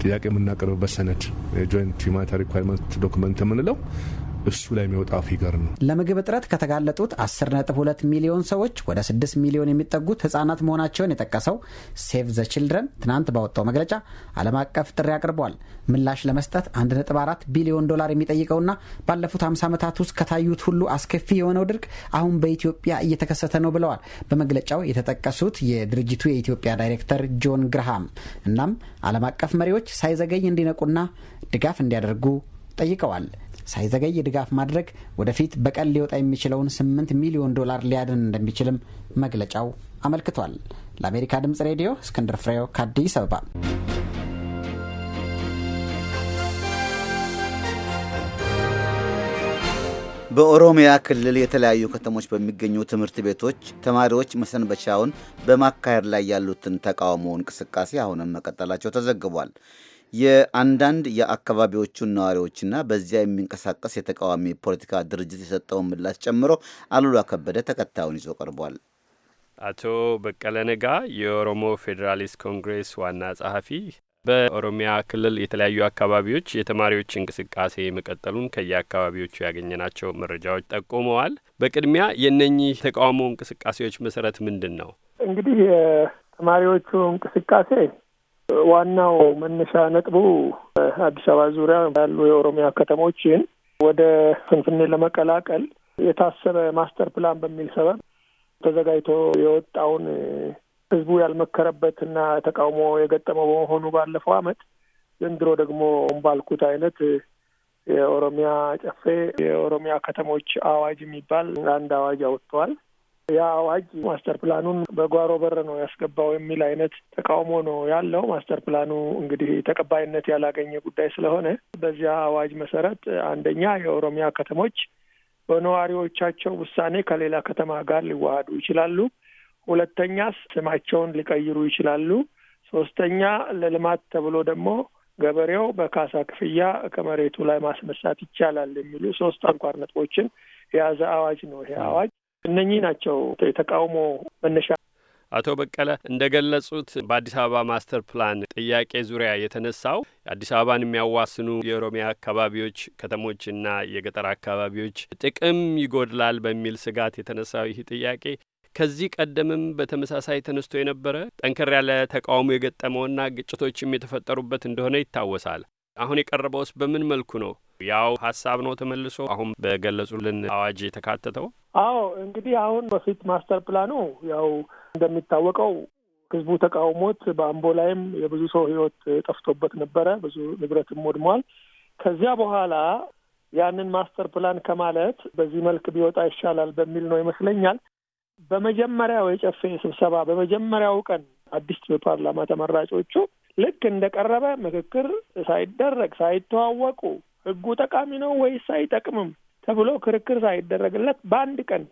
ጥያቄ የምናቀርብበት ሰነድ የጆይንት ሁማኒታሪ ሪኳርመንት ዶክመንት የምንለው እሱ ላይ የሚወጣ ፊገር ነው። ለምግብ እጥረት ከተጋለጡት 10.2 ሚሊዮን ሰዎች ወደ 6 ሚሊዮን የሚጠጉት ህጻናት መሆናቸውን የጠቀሰው ሴቭ ዘ ችልድረን ትናንት ባወጣው መግለጫ ዓለም አቀፍ ጥሪ አቅርቧል። ምላሽ ለመስጠት 1.4 ቢሊዮን ዶላር የሚጠይቀውና ባለፉት 50 ዓመታት ውስጥ ከታዩት ሁሉ አስከፊ የሆነው ድርቅ አሁን በኢትዮጵያ እየተከሰተ ነው ብለዋል በመግለጫው የተጠቀሱት የድርጅቱ የኢትዮጵያ ዳይሬክተር ጆን ግርሃም። እናም ዓለም አቀፍ መሪዎች ሳይዘገይ እንዲነቁና ድጋፍ እንዲያደርጉ ጠይቀዋል። ሳይዘገይ ድጋፍ ማድረግ ወደፊት በቀን ሊወጣ የሚችለውን 8 ሚሊዮን ዶላር ሊያድን እንደሚችልም መግለጫው አመልክቷል። ለአሜሪካ ድምፅ ሬዲዮ እስክንድር ፍሬው ከአዲስ አበባ። በኦሮሚያ ክልል የተለያዩ ከተሞች በሚገኙ ትምህርት ቤቶች ተማሪዎች መሰንበቻውን በማካሄድ ላይ ያሉትን ተቃውሞ እንቅስቃሴ አሁንም መቀጠላቸው ተዘግቧል። የአንዳንድ የአካባቢዎቹን ነዋሪዎችና በዚያ የሚንቀሳቀስ የተቃዋሚ ፖለቲካ ድርጅት የሰጠውን ምላሽ ጨምሮ አሉላ ከበደ ተከታዩን ይዞ ቀርቧል። አቶ በቀለ ነጋ የኦሮሞ ፌዴራሊስት ኮንግሬስ ዋና ጸሐፊ በኦሮሚያ ክልል የተለያዩ አካባቢዎች የተማሪዎች እንቅስቃሴ መቀጠሉን ከየአካባቢዎቹ ያገኘናቸው መረጃዎች ጠቁመዋል። በቅድሚያ የእነኚህ ተቃውሞ እንቅስቃሴዎች መሰረት ምንድን ነው? እንግዲህ የተማሪዎቹ እንቅስቃሴ ዋናው መነሻ ነጥቡ አዲስ አበባ ዙሪያ ያሉ የኦሮሚያ ከተሞችን ወደ ፍንፍኔ ለመቀላቀል የታሰበ ማስተር ፕላን በሚል ሰበብ ተዘጋጅቶ የወጣውን ህዝቡ ያልመከረበትና ተቃውሞ የገጠመው በመሆኑ ባለፈው አመት ዘንድሮ ደግሞ ባልኩት አይነት የኦሮሚያ ጨፌ የኦሮሚያ ከተሞች አዋጅ የሚባል አንድ አዋጅ አውጥተዋል። ያ አዋጅ ማስተር ፕላኑን በጓሮ በር ነው ያስገባው የሚል አይነት ተቃውሞ ነው ያለው። ማስተር ፕላኑ እንግዲህ ተቀባይነት ያላገኘ ጉዳይ ስለሆነ በዚያ አዋጅ መሰረት አንደኛ የኦሮሚያ ከተሞች በነዋሪዎቻቸው ውሳኔ ከሌላ ከተማ ጋር ሊዋሃዱ ይችላሉ። ሁለተኛ ስማቸውን ሊቀይሩ ይችላሉ። ሶስተኛ ለልማት ተብሎ ደግሞ ገበሬው በካሳ ክፍያ ከመሬቱ ላይ ማስነሳት ይቻላል የሚሉ ሶስት አንኳር ነጥቦችን የያዘ አዋጅ ነው ይሄ አዋጅ። እነኚህ ናቸው የተቃውሞ መነሻ። አቶ በቀለ እንደ ገለጹት በአዲስ አበባ ማስተር ፕላን ጥያቄ ዙሪያ የተነሳው አዲስ አበባን የሚያዋስኑ የኦሮሚያ አካባቢዎች ከተሞችና የገጠር አካባቢዎች ጥቅም ይጎድላል በሚል ስጋት የተነሳው ይህ ጥያቄ ከዚህ ቀደምም በተመሳሳይ ተነስቶ የነበረ ጠንከር ያለ ተቃውሞ የገጠመውና ግጭቶችም የተፈጠሩበት እንደሆነ ይታወሳል። አሁን የቀረበውስ በምን መልኩ ነው? ያው ሀሳብ ነው ተመልሶ አሁን በገለጹልን አዋጅ የተካተተው። አዎ እንግዲህ አሁን በፊት ማስተር ፕላኑ ያው እንደሚታወቀው ህዝቡ ተቃውሞት በአምቦ ላይም የብዙ ሰው ህይወት ጠፍቶበት ነበረ። ብዙ ንብረትም ወድሟል። ከዚያ በኋላ ያንን ማስተር ፕላን ከማለት በዚህ መልክ ቢወጣ ይሻላል በሚል ነው ይመስለኛል። በመጀመሪያው የጨፌ ስብሰባ በመጀመሪያው ቀን አዲስ የፓርላማ ተመራጮቹ ልክ እንደቀረበ ምክክር ሳይደረግ ሳይተዋወቁ ህጉ ጠቃሚ ነው ወይስ አይጠቅምም ተብሎ ክርክር ሳይደረግለት በአንድ ቀን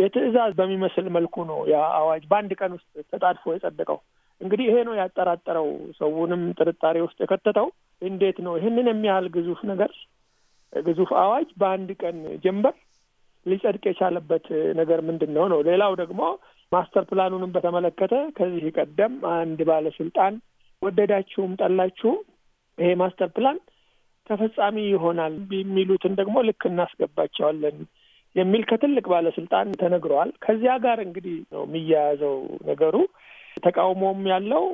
የትዕዛዝ በሚመስል መልኩ ነው ያ አዋጅ በአንድ ቀን ውስጥ ተጣድፎ የጸደቀው። እንግዲህ ይሄ ነው ያጠራጠረው፣ ሰውንም ጥርጣሬ ውስጥ የከተተው። እንዴት ነው ይህንን የሚያህል ግዙፍ ነገር ግዙፍ አዋጅ በአንድ ቀን ጀንበር ሊጸድቅ የቻለበት ነገር ምንድን ነው ነው። ሌላው ደግሞ ማስተር ፕላኑንም በተመለከተ ከዚህ ቀደም አንድ ባለስልጣን ወደዳችሁም ጠላችሁም ይሄ ማስተር ፕላን ተፈጻሚ ይሆናል የሚሉትን ደግሞ ልክ እናስገባቸዋለን የሚል ከትልቅ ባለስልጣን ተነግረዋል። ከዚያ ጋር እንግዲህ ነው የሚያያዘው ነገሩ። ተቃውሞም ያለው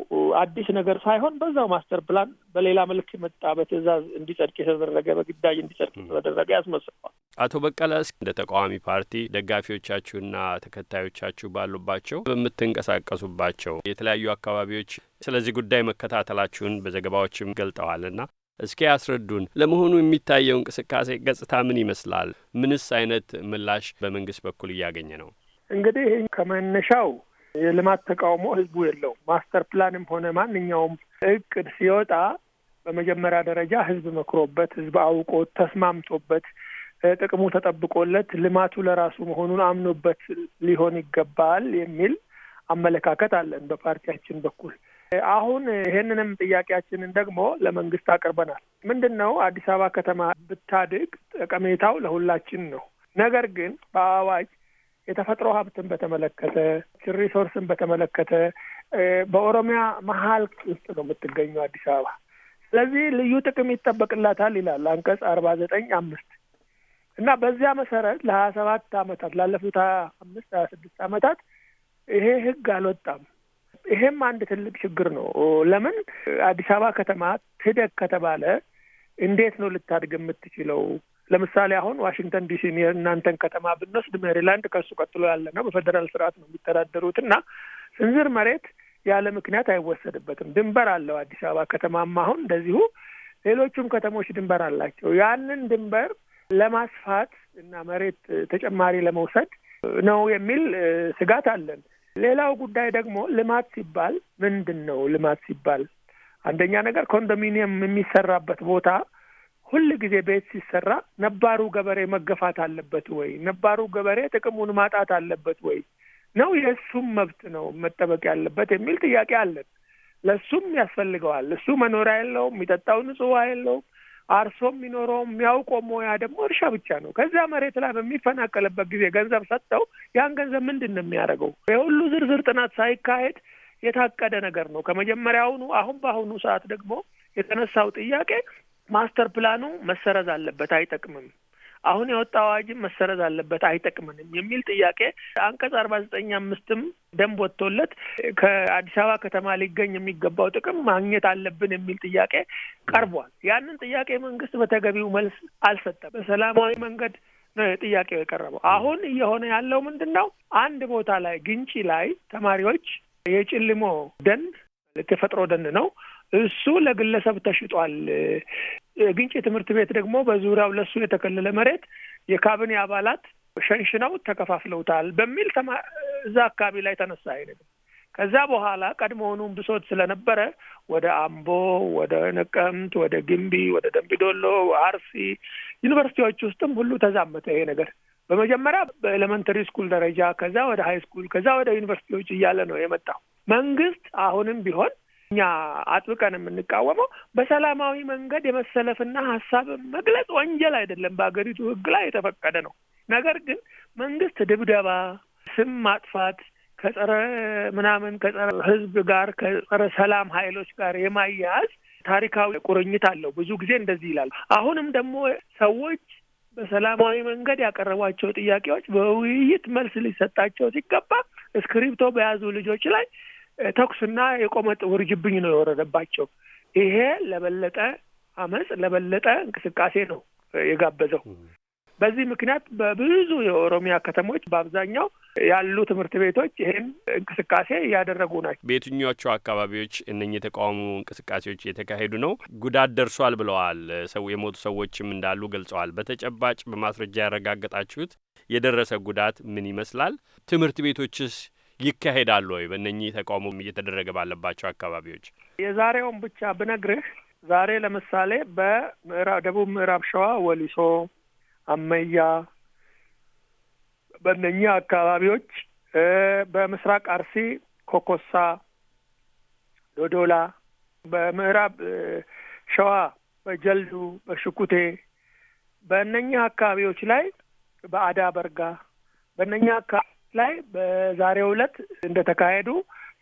አዲስ ነገር ሳይሆን በዛው ማስተር ፕላን በሌላ መልክ መጣ በትዕዛዝ እንዲጸድቅ የተደረገ በግዳጅ እንዲጸድቅ የተደረገ ያስመስለዋል። አቶ በቀለ እንደ ተቃዋሚ ፓርቲ ደጋፊዎቻችሁና ተከታዮቻችሁ ባሉባቸው በምትንቀሳቀሱባቸው የተለያዩ አካባቢዎች ስለዚህ ጉዳይ መከታተላችሁን በዘገባዎችም ገልጠዋልና እስኪ ያስረዱን። ለመሆኑ የሚታየው እንቅስቃሴ ገጽታ ምን ይመስላል? ምንስ አይነት ምላሽ በመንግስት በኩል እያገኘ ነው? እንግዲህ ከመነሻው የልማት ተቃውሞ ህዝቡ የለውም። ማስተር ፕላንም ሆነ ማንኛውም እቅድ ሲወጣ በመጀመሪያ ደረጃ ህዝብ መክሮበት፣ ህዝብ አውቆ ተስማምቶበት፣ ጥቅሙ ተጠብቆለት፣ ልማቱ ለራሱ መሆኑን አምኖበት ሊሆን ይገባል የሚል አመለካከት አለን በፓርቲያችን በኩል አሁን ይህንንም ጥያቄያችንን ደግሞ ለመንግስት አቅርበናል። ምንድን ነው አዲስ አበባ ከተማ ብታድግ ጠቀሜታው ለሁላችን ነው። ነገር ግን በአዋጅ የተፈጥሮ ሀብትን በተመለከተ ሪሶርስን በተመለከተ በኦሮሚያ መሀል ውስጥ ነው የምትገኘው አዲስ አበባ። ስለዚህ ልዩ ጥቅም ይጠበቅላታል ይላል አንቀጽ አርባ ዘጠኝ አምስት እና በዚያ መሰረት ለሀያ ሰባት አመታት ላለፉት ሀያ አምስት ሀያ ስድስት አመታት ይሄ ህግ አልወጣም። ይሄም አንድ ትልቅ ችግር ነው። ለምን አዲስ አበባ ከተማ ትደግ ከተባለ እንዴት ነው ልታድግ የምትችለው? ለምሳሌ አሁን ዋሽንግተን ዲሲ እናንተን ከተማ ብንወስድ ሜሪላንድ ከእሱ ቀጥሎ ያለ ነው። በፌደራል ስርዓት ነው የሚተዳደሩት እና ስንዝር መሬት ያለ ምክንያት አይወሰድበትም። ድንበር አለው አዲስ አበባ ከተማም አሁን እንደዚሁ ሌሎቹም ከተሞች ድንበር አላቸው። ያንን ድንበር ለማስፋት እና መሬት ተጨማሪ ለመውሰድ ነው የሚል ስጋት አለን። ሌላው ጉዳይ ደግሞ ልማት ሲባል ምንድን ነው? ልማት ሲባል አንደኛ ነገር ኮንዶሚኒየም የሚሰራበት ቦታ ሁል ጊዜ ቤት ሲሰራ ነባሩ ገበሬ መገፋት አለበት ወይ? ነባሩ ገበሬ ጥቅሙን ማጣት አለበት ወይ? ነው የእሱም መብት ነው መጠበቅ ያለበት የሚል ጥያቄ አለን። ለእሱም ያስፈልገዋል። እሱ መኖሪያ የለውም፣ የሚጠጣው ንጹህ ውሃ የለውም፣ አርሶ የሚኖረው የሚያውቀው ሙያ ደግሞ እርሻ ብቻ ነው። ከዚያ መሬት ላይ በሚፈናቀልበት ጊዜ ገንዘብ ሰጥተው ያን ገንዘብ ምንድን ነው የሚያደርገው? የሁሉ ዝርዝር ጥናት ሳይካሄድ የታቀደ ነገር ነው። ከመጀመሪያውኑ አሁን በአሁኑ ሰዓት ደግሞ የተነሳው ጥያቄ ማስተር ፕላኑ መሰረዝ አለበት፣ አይጠቅምም። አሁን የወጣ አዋጅም መሰረዝ አለበት አይጠቅምንም የሚል ጥያቄ አንቀጽ አርባ ዘጠኝ አምስትም ደንብ ወጥቶለት ከአዲስ አበባ ከተማ ሊገኝ የሚገባው ጥቅም ማግኘት አለብን የሚል ጥያቄ ቀርቧል። ያንን ጥያቄ መንግስት በተገቢው መልስ አልሰጠም። በሰላማዊ መንገድ ነው ጥያቄው የቀረበው። አሁን እየሆነ ያለው ምንድን ነው? አንድ ቦታ ላይ ግንጪ ላይ ተማሪዎች የጭልሞ ደን ተፈጥሮ ደን ነው እሱ ለግለሰብ ተሽጧል የግንጭ ትምህርት ቤት ደግሞ በዙሪያው ለሱ የተከለለ መሬት የካቢኔ አባላት ሸንሽነው ተከፋፍለውታል በሚል እዛ አካባቢ ላይ ተነሳ አይደለም። ከዛ በኋላ ቀድሞውኑ ብሶት ስለነበረ ወደ አምቦ፣ ወደ ነቀምት፣ ወደ ግንቢ፣ ወደ ደምቢዶሎ፣ አርሲ ዩኒቨርሲቲዎች ውስጥም ሁሉ ተዛመተ ይሄ ነገር። በመጀመሪያ በኤሌመንተሪ ስኩል ደረጃ ከዛ ወደ ሀይ ስኩል ከዛ ወደ ዩኒቨርሲቲዎች እያለ ነው የመጣው። መንግስት አሁንም ቢሆን እኛ አጥብቀን የምንቃወመው በሰላማዊ መንገድ የመሰለፍና ሀሳብ መግለጽ ወንጀል አይደለም፣ በሀገሪቱ ሕግ ላይ የተፈቀደ ነው። ነገር ግን መንግስት ድብደባ፣ ስም ማጥፋት ከጸረ ምናምን ከጸረ ህዝብ ጋር ከጸረ ሰላም ኃይሎች ጋር የማያያዝ ታሪካዊ ቁርኝት አለው። ብዙ ጊዜ እንደዚህ ይላሉ። አሁንም ደግሞ ሰዎች በሰላማዊ መንገድ ያቀረቧቸው ጥያቄዎች በውይይት መልስ ሊሰጣቸው ሲገባ እስክሪብቶ በያዙ ልጆች ላይ ተኩስና የቆመጥ ውርጅብኝ ነው የወረደባቸው። ይሄ ለበለጠ አመፅ፣ ለበለጠ እንቅስቃሴ ነው የጋበዘው። በዚህ ምክንያት በብዙ የኦሮሚያ ከተሞች በአብዛኛው ያሉ ትምህርት ቤቶች ይህን እንቅስቃሴ እያደረጉ ናቸው። በየትኞቹ አካባቢዎች እነኚህ የተቃውሞ እንቅስቃሴዎች እየተካሄዱ ነው? ጉዳት ደርሷል ብለዋል። ሰው የሞቱ ሰዎችም እንዳሉ ገልጸዋል። በተጨባጭ በማስረጃ ያረጋገጣችሁት የደረሰ ጉዳት ምን ይመስላል? ትምህርት ቤቶችስ ይካሄዳሉ ወይ በእነኚህ ተቃውሞም እየተደረገ ባለባቸው አካባቢዎች? የዛሬውን ብቻ ብነግርህ ዛሬ ለምሳሌ በምዕራብ ደቡብ ምዕራብ ሸዋ ወሊሶ፣ አመያ በእነኚህ አካባቢዎች በምስራቅ አርሲ ኮኮሳ፣ ዶዶላ፣ በምዕራብ ሸዋ በጀልዱ፣ በሽኩቴ በእነኛ አካባቢዎች ላይ በአዳ በርጋ በእነኛ አካባቢ ላይ በዛሬው ዕለት እንደተካሄዱ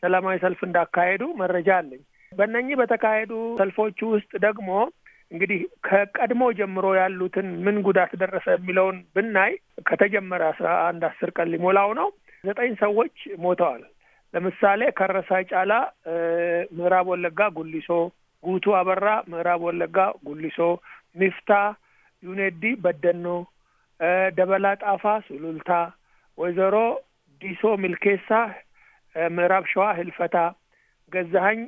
ሰላማዊ ሰልፍ እንዳካሄዱ መረጃ አለኝ። በእነኚህ በተካሄዱ ሰልፎቹ ውስጥ ደግሞ እንግዲህ ከቀድሞ ጀምሮ ያሉትን ምን ጉዳት ደረሰ የሚለውን ብናይ ከተጀመረ አስራ አንድ አስር ቀን ሊሞላው ነው። ዘጠኝ ሰዎች ሞተዋል። ለምሳሌ ከረሳ ጫላ፣ ምዕራብ ወለጋ ጉሊሶ፣ ጉቱ አበራ፣ ምዕራብ ወለጋ ጉሊሶ፣ ሚፍታ ዩኔዲ፣ በደኖ፣ ደበላ ጣፋ፣ ሱሉልታ፣ ወይዘሮ ዲሶ ሚልኬሳ ምዕራብ ሸዋ ህልፈታ፣ ገዛሀኝ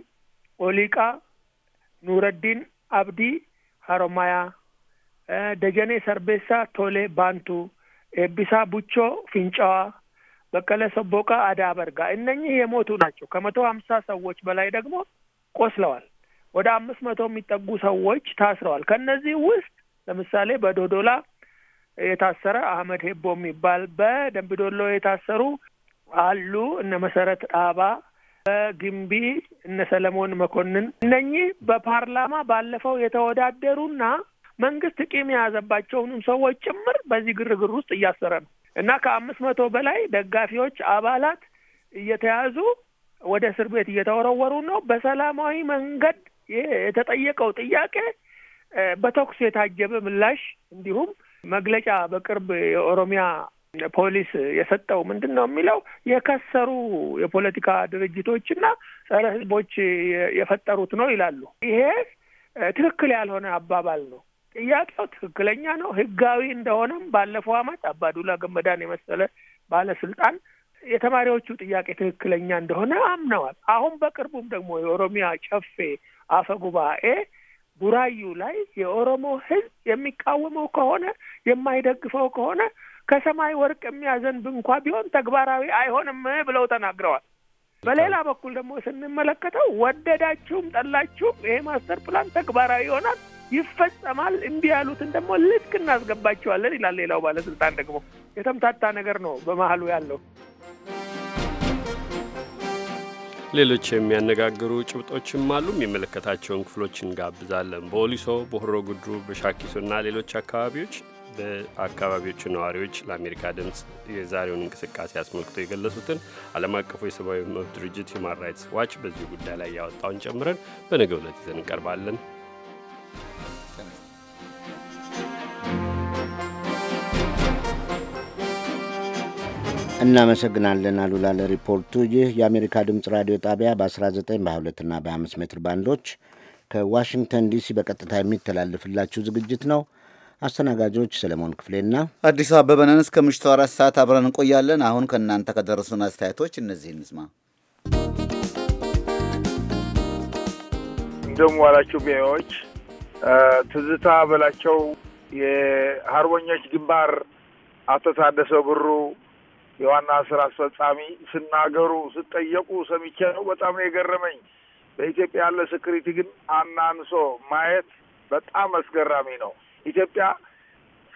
ኦሊቃ፣ ኑረዲን አብዲ ሀሮማያ፣ ደጀኔ ሰርቤሳ ቶሌ ባንቱ፣ ኤቢሳ ቡቾ ፊንጫዋ፣ በቀለ ሰቦቃ አዳ በርጋ። እነኚህ የሞቱ ናቸው። ከመቶ ሀምሳ ሰዎች በላይ ደግሞ ቆስለዋል። ወደ አምስት መቶ የሚጠጉ ሰዎች ታስረዋል። ከእነዚህ ውስጥ ለምሳሌ በዶዶላ የታሰረ አህመድ ሄቦ የሚባል በደንብ ዶሎ የታሰሩ አሉ። እነ መሰረት ጣባ በግንቢ እነ ሰለሞን መኮንን እነኚህ በፓርላማ ባለፈው የተወዳደሩና መንግስት ቂም የያዘባቸውንም ሰዎች ጭምር በዚህ ግርግር ውስጥ እያሰረ ነው እና ከአምስት መቶ በላይ ደጋፊዎች፣ አባላት እየተያዙ ወደ እስር ቤት እየተወረወሩ ነው። በሰላማዊ መንገድ የተጠየቀው ጥያቄ በተኩስ የታጀበ ምላሽ እንዲሁም መግለጫ በቅርብ የኦሮሚያ ፖሊስ የሰጠው ምንድን ነው የሚለው የከሰሩ የፖለቲካ ድርጅቶች እና ጸረ ህዝቦች የፈጠሩት ነው ይላሉ። ይሄ ትክክል ያልሆነ አባባል ነው። ጥያቄው ትክክለኛ ነው፣ ህጋዊ እንደሆነም ባለፈው አመት አባዱላ ገመዳን የመሰለ ባለስልጣን የተማሪዎቹ ጥያቄ ትክክለኛ እንደሆነ አምነዋል። አሁን በቅርቡም ደግሞ የኦሮሚያ ጨፌ አፈ ጉባኤ ቡራዩ ላይ የኦሮሞ ህዝብ የሚቃወመው ከሆነ የማይደግፈው ከሆነ ከሰማይ ወርቅ የሚያዘንብ እንኳ ቢሆን ተግባራዊ አይሆንም ብለው ተናግረዋል። በሌላ በኩል ደግሞ ስንመለከተው ወደዳችሁም ጠላችሁም ይሄ ማስተር ፕላን ተግባራዊ ይሆናል፣ ይፈጸማል። እምቢ ያሉትን ደግሞ ልክ እናስገባቸዋለን ይላል ሌላው ባለስልጣን። ደግሞ የተምታታ ነገር ነው በመሀሉ ያለው። ሌሎች የሚያነጋግሩ ጭብጦችም አሉ የሚመለከታቸውን ክፍሎች እንጋብዛለን። በወሊሶ፣ በሆሮ ጉድሩ፣ በሻኪሶና ሌሎች አካባቢዎች በአካባቢዎቹ ነዋሪዎች ለአሜሪካ ድምፅ የዛሬውን እንቅስቃሴ አስመልክቶ የገለጹትን ዓለም አቀፉ የሰብአዊ መብት ድርጅት ሂውማን ራይትስ ዋች በዚህ ጉዳይ ላይ ያወጣውን ጨምረን በነገው ዕለት ይዘን እንቀርባለን። እናመሰግናለን አሉላ ለሪፖርቱ። ይህ የአሜሪካ ድምፅ ራዲዮ ጣቢያ በ19 በ2ና በ5 ሜትር ባንዶች ከዋሽንግተን ዲሲ በቀጥታ የሚተላልፍላችሁ ዝግጅት ነው። አስተናጋጆች ሰለሞን ክፍሌና አዲስ አበበነን እስከ ምሽቱ አራት ሰዓት አብረን እንቆያለን። አሁን ከእናንተ ከደረሱን አስተያየቶች እነዚህ እንስማ። ዋላችሁ ቢዎች ትዝታ በላቸው፣ የሀርበኞች ግንባር አቶ ታደሰ ብሩ የዋና ስራ አስፈጻሚ ስናገሩ ስጠየቁ ሰምቼ ነው። በጣም ነው የገረመኝ። በኢትዮጵያ ያለ ስክሪቲ ግን አናንሶ ማየት በጣም አስገራሚ ነው። ኢትዮጵያ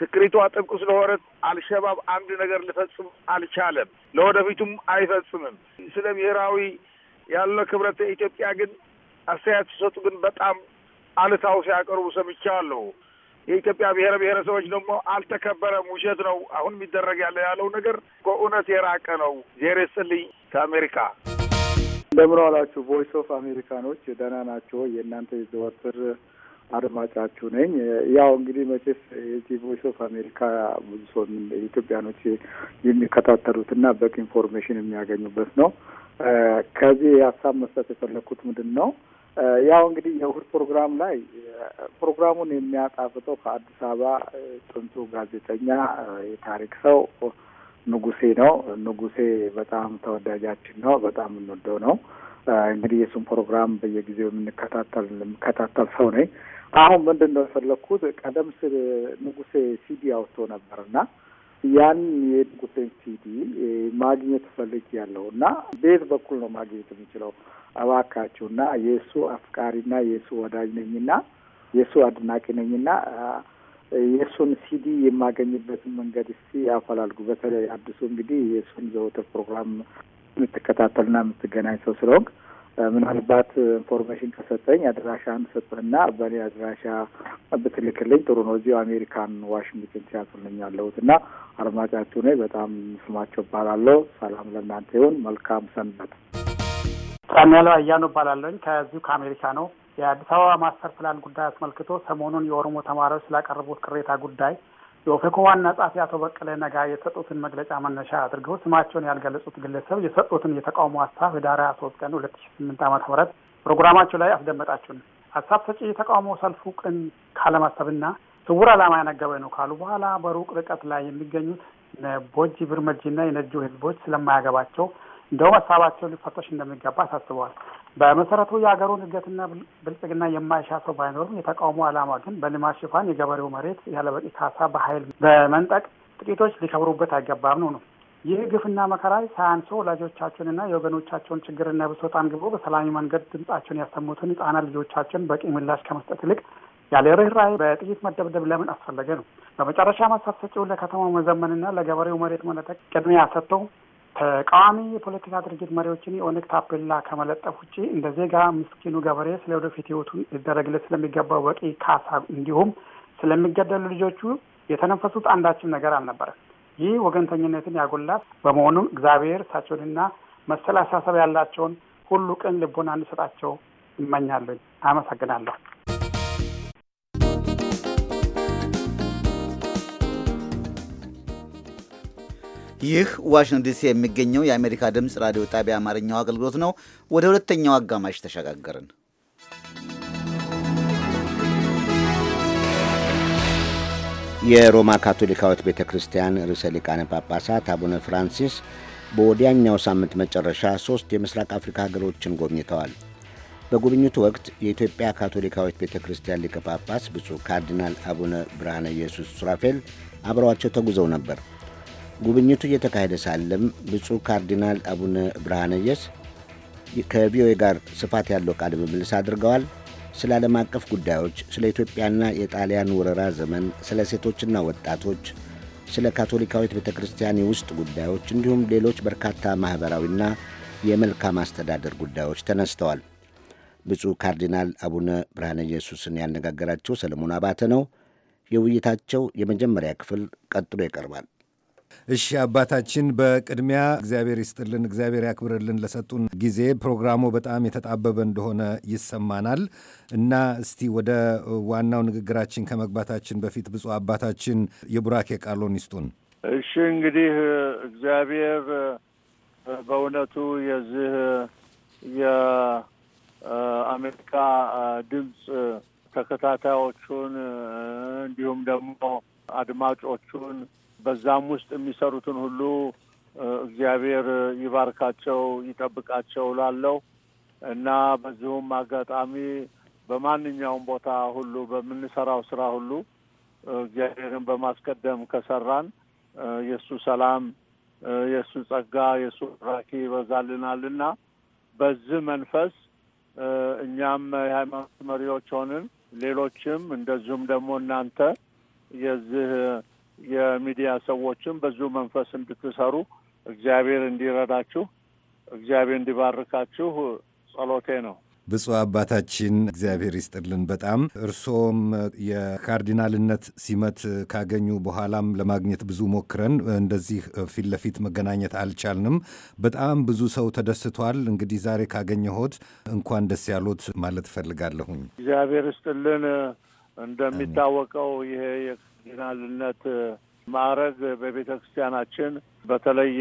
ሴኩሪቷ ጥብቅ ስለሆነ አልሸባብ አንድ ነገር ልፈጽም አልቻለም፣ ለወደፊቱም አይፈጽምም። ስለ ብሔራዊ ያለው ክብረት ኢትዮጵያ ግን አስተያየት ሲሰጡ ግን በጣም አልታው ሲያቀርቡ ሰምቻለሁ። የኢትዮጵያ ብሔረ ብሔረሰቦች ደግሞ አልተከበረም፣ ውሸት ነው፣ አሁን የሚደረግ ያለ ያለው ነገር ከእውነት የራቀ ነው። ዜር ይስጥልኝ ከአሜሪካ እንደምን ዋላችሁ ቮይስ ኦፍ አሜሪካኖች፣ ደህና ናቸው። የእናንተ የዘወትር አድማጫችሁ ነኝ። ያው እንግዲህ መቼስ የዚህ ቮይስ ኦፍ አሜሪካ ብዙ ሰው ኢትዮጵያኖች የሚከታተሉት እና በቂ ኢንፎርሜሽን የሚያገኙበት ነው። ከዚህ ሀሳብ መስጠት የፈለግኩት ምንድን ነው ያው እንግዲህ የእሁድ ፕሮግራም ላይ ፕሮግራሙን የሚያጣፍጠው ከአዲስ አበባ ጥንቱ ጋዜጠኛ የታሪክ ሰው ንጉሴ ነው። ንጉሴ በጣም ተወዳጃችን ነው። በጣም እንወደው ነው። እንግዲህ የሱን ፕሮግራም በየጊዜው የምንከታተል የምከታተል ሰው ነኝ። አሁን ምንድን ነው የፈለግኩት ቀደም ሲል ንጉሴ ሲዲ አውጥቶ ነበር እና ያን የንጉሴን ሲዲ ማግኘት ፈልግ ያለው እና ቤት በኩል ነው ማግኘት የሚችለው እባካችሁና የእሱ አፍቃሪና የእሱ ወዳጅ ነኝና የእሱ አድናቂ ነኝና የእሱን ሲዲ የማገኝበትን መንገድ እስቲ ያፈላልጉ። በተለይ አዲሱ እንግዲህ የእሱን ዘወትር ፕሮግራም የምትከታተልና የምትገናኝ ሰው ስለሆንክ ምናልባት ኢንፎርሜሽን ከሰጠኝ አድራሻን ሰጠህና በእኔ አድራሻ ብትልክልኝ ጥሩ ነው። እዚሁ አሜሪካን ዋሽንግተን ሲያትል ያለሁት እና አድማጫችሁ ነኝ። በጣም ስማቸው እባላለሁ። ሰላም ለእናንተ ይሁን። መልካም ሰንበት። ጣሚያለው አያኖ እባላለሁኝ ከዚሁ ከአሜሪካ ነው። የአዲስ አበባ ማስተር ፕላን ጉዳይ አስመልክቶ ሰሞኑን የኦሮሞ ተማሪዎች ስላቀረቡት ቅሬታ ጉዳይ የኦፌኮ ዋና ጸሐፊ አቶ በቀለ ነጋ የሰጡትን መግለጫ መነሻ አድርገው ስማቸውን ያልገለጹት ግለሰብ የሰጡትን የተቃውሞ ሀሳብ ህዳር ሀያ ሶስት ቀን ሁለት ሺ ስምንት ዓመተ ምህረት ፕሮግራማቸው ላይ አስደመጣችሁን። ሀሳብ ሰጪ የተቃውሞ ሰልፉ ቅን ካለማሰብና ስውር ዓላማ ያነገበ ነው ካሉ በኋላ በሩቅ ርቀት ላይ የሚገኙት ቦጂ ብርመጂና የነጆ ህዝቦች ስለማያገባቸው እንደውም ሀሳባቸው ሊፈተሽ እንደሚገባ አሳስበዋል። በመሰረቱ የሀገሩን እድገትና ብልጽግና የማይሻ ሰው ባይኖርም የተቃውሞ ዓላማ ግን በልማት ሽፋን የገበሬው መሬት ያለበቂ ካሳ በኃይል በመንጠቅ ጥቂቶች ሊከብሩበት አይገባም ነው ነው። ይህ ግፍና መከራ ሳያንሶ ወላጆቻቸውንና የወገኖቻቸውን ችግርና ብሶት አንግቦ በሰላማዊ መንገድ ድምጻቸውን ያሰሙትን ህጻናት ልጆቻችን በቂ ምላሽ ከመስጠት ይልቅ ያለ ርኅራኄ በጥይት መደብደብ ለምን አስፈለገ ነው። በመጨረሻ ማሳሰቂው ለከተማው መዘመንና ለገበሬው መሬት መነጠቅ ቅድሚያ ሰጥተው ተቃዋሚ የፖለቲካ ድርጅት መሪዎችን የኦነግ ታፔላ ከመለጠፍ ውጭ እንደ ዜጋ ምስኪኑ ገበሬ ስለ ወደፊት ህይወቱ ሊደረግለት ስለሚገባው በቂ ካሳ እንዲሁም ስለሚገደሉ ልጆቹ የተነፈሱት አንዳችም ነገር አልነበረም። ይህ ወገንተኝነትን ያጎላት በመሆኑም እግዚአብሔር እሳቸውንና መሰል አሳሰብ ያላቸውን ሁሉ ቅን ልቦና እንዲሰጣቸው እመኛለሁ። አመሰግናለሁ። ይህ ዋሽንግተን ዲሲ የሚገኘው የአሜሪካ ድምፅ ራዲዮ ጣቢያ አማርኛው አገልግሎት ነው። ወደ ሁለተኛው አጋማሽ ተሸጋገርን። የሮማ ካቶሊካዊት ቤተ ክርስቲያን ርዕሰ ሊቃነ ጳጳሳት አቡነ ፍራንሲስ በወዲያኛው ሳምንት መጨረሻ ሦስት የምስራቅ አፍሪካ ሀገሮችን ጎብኝተዋል። በጉብኝቱ ወቅት የኢትዮጵያ ካቶሊካዊት ቤተ ክርስቲያን ሊቀ ጳጳስ ብፁዕ ካርዲናል አቡነ ብርሃነ ኢየሱስ ሱራፌል አብረዋቸው ተጉዘው ነበር። ጉብኝቱ እየተካሄደ ሳለም ብፁዕ ካርዲናል አቡነ ብርሃነየስ ከቪኦኤ ጋር ስፋት ያለው ቃለ ምልልስ አድርገዋል። ስለ ዓለም አቀፍ ጉዳዮች፣ ስለ ኢትዮጵያና የጣሊያን ወረራ ዘመን፣ ስለ ሴቶችና ወጣቶች፣ ስለ ካቶሊካዊት ቤተ ክርስቲያን የውስጥ ጉዳዮች እንዲሁም ሌሎች በርካታ ማኅበራዊና የመልካም አስተዳደር ጉዳዮች ተነስተዋል። ብፁዕ ካርዲናል አቡነ ብርሃነ ኢየሱስን ያነጋገራቸው ሰለሞን አባተ ነው። የውይይታቸው የመጀመሪያ ክፍል ቀጥሎ ይቀርባል። እሺ አባታችን፣ በቅድሚያ እግዚአብሔር ይስጥልን፣ እግዚአብሔር ያክብርልን ለሰጡን ጊዜ። ፕሮግራሙ በጣም የተጣበበ እንደሆነ ይሰማናል እና እስቲ ወደ ዋናው ንግግራችን ከመግባታችን በፊት ብፁዕ አባታችን የቡራኬ ቃሎን ይስጡን። እሺ እንግዲህ እግዚአብሔር በእውነቱ የዚህ የአሜሪካ ድምፅ ተከታታዮቹን እንዲሁም ደግሞ አድማጮቹን በዛም ውስጥ የሚሰሩትን ሁሉ እግዚአብሔር ይባርካቸው፣ ይጠብቃቸው ላለው እና በዚሁም አጋጣሚ በማንኛውም ቦታ ሁሉ በምንሰራው ስራ ሁሉ እግዚአብሔርን በማስቀደም ከሰራን የእሱ ሰላም የእሱ ጸጋ የእሱ ራኪ ይበዛልናልና በዚህ መንፈስ እኛም የሃይማኖት መሪዎች ሆንን፣ ሌሎችም እንደዚሁም ደግሞ እናንተ የዚህ የሚዲያ ሰዎችም በዚሁ መንፈስ እንድትሰሩ እግዚአብሔር እንዲረዳችሁ፣ እግዚአብሔር እንዲባርካችሁ ጸሎቴ ነው። ብፁዕ አባታችን እግዚአብሔር ይስጥልን። በጣም እርሶም የካርዲናልነት ሲመት ካገኙ በኋላም ለማግኘት ብዙ ሞክረን እንደዚህ ፊት ለፊት መገናኘት አልቻልንም። በጣም ብዙ ሰው ተደስቷል። እንግዲህ ዛሬ ካገኘሁት እንኳን ደስ ያሉት ማለት እፈልጋለሁኝ። እግዚአብሔር ይስጥልን። እንደሚታወቀው ይሄ የካርዲናልነት ማዕረግ በቤተ ክርስቲያናችን በተለይ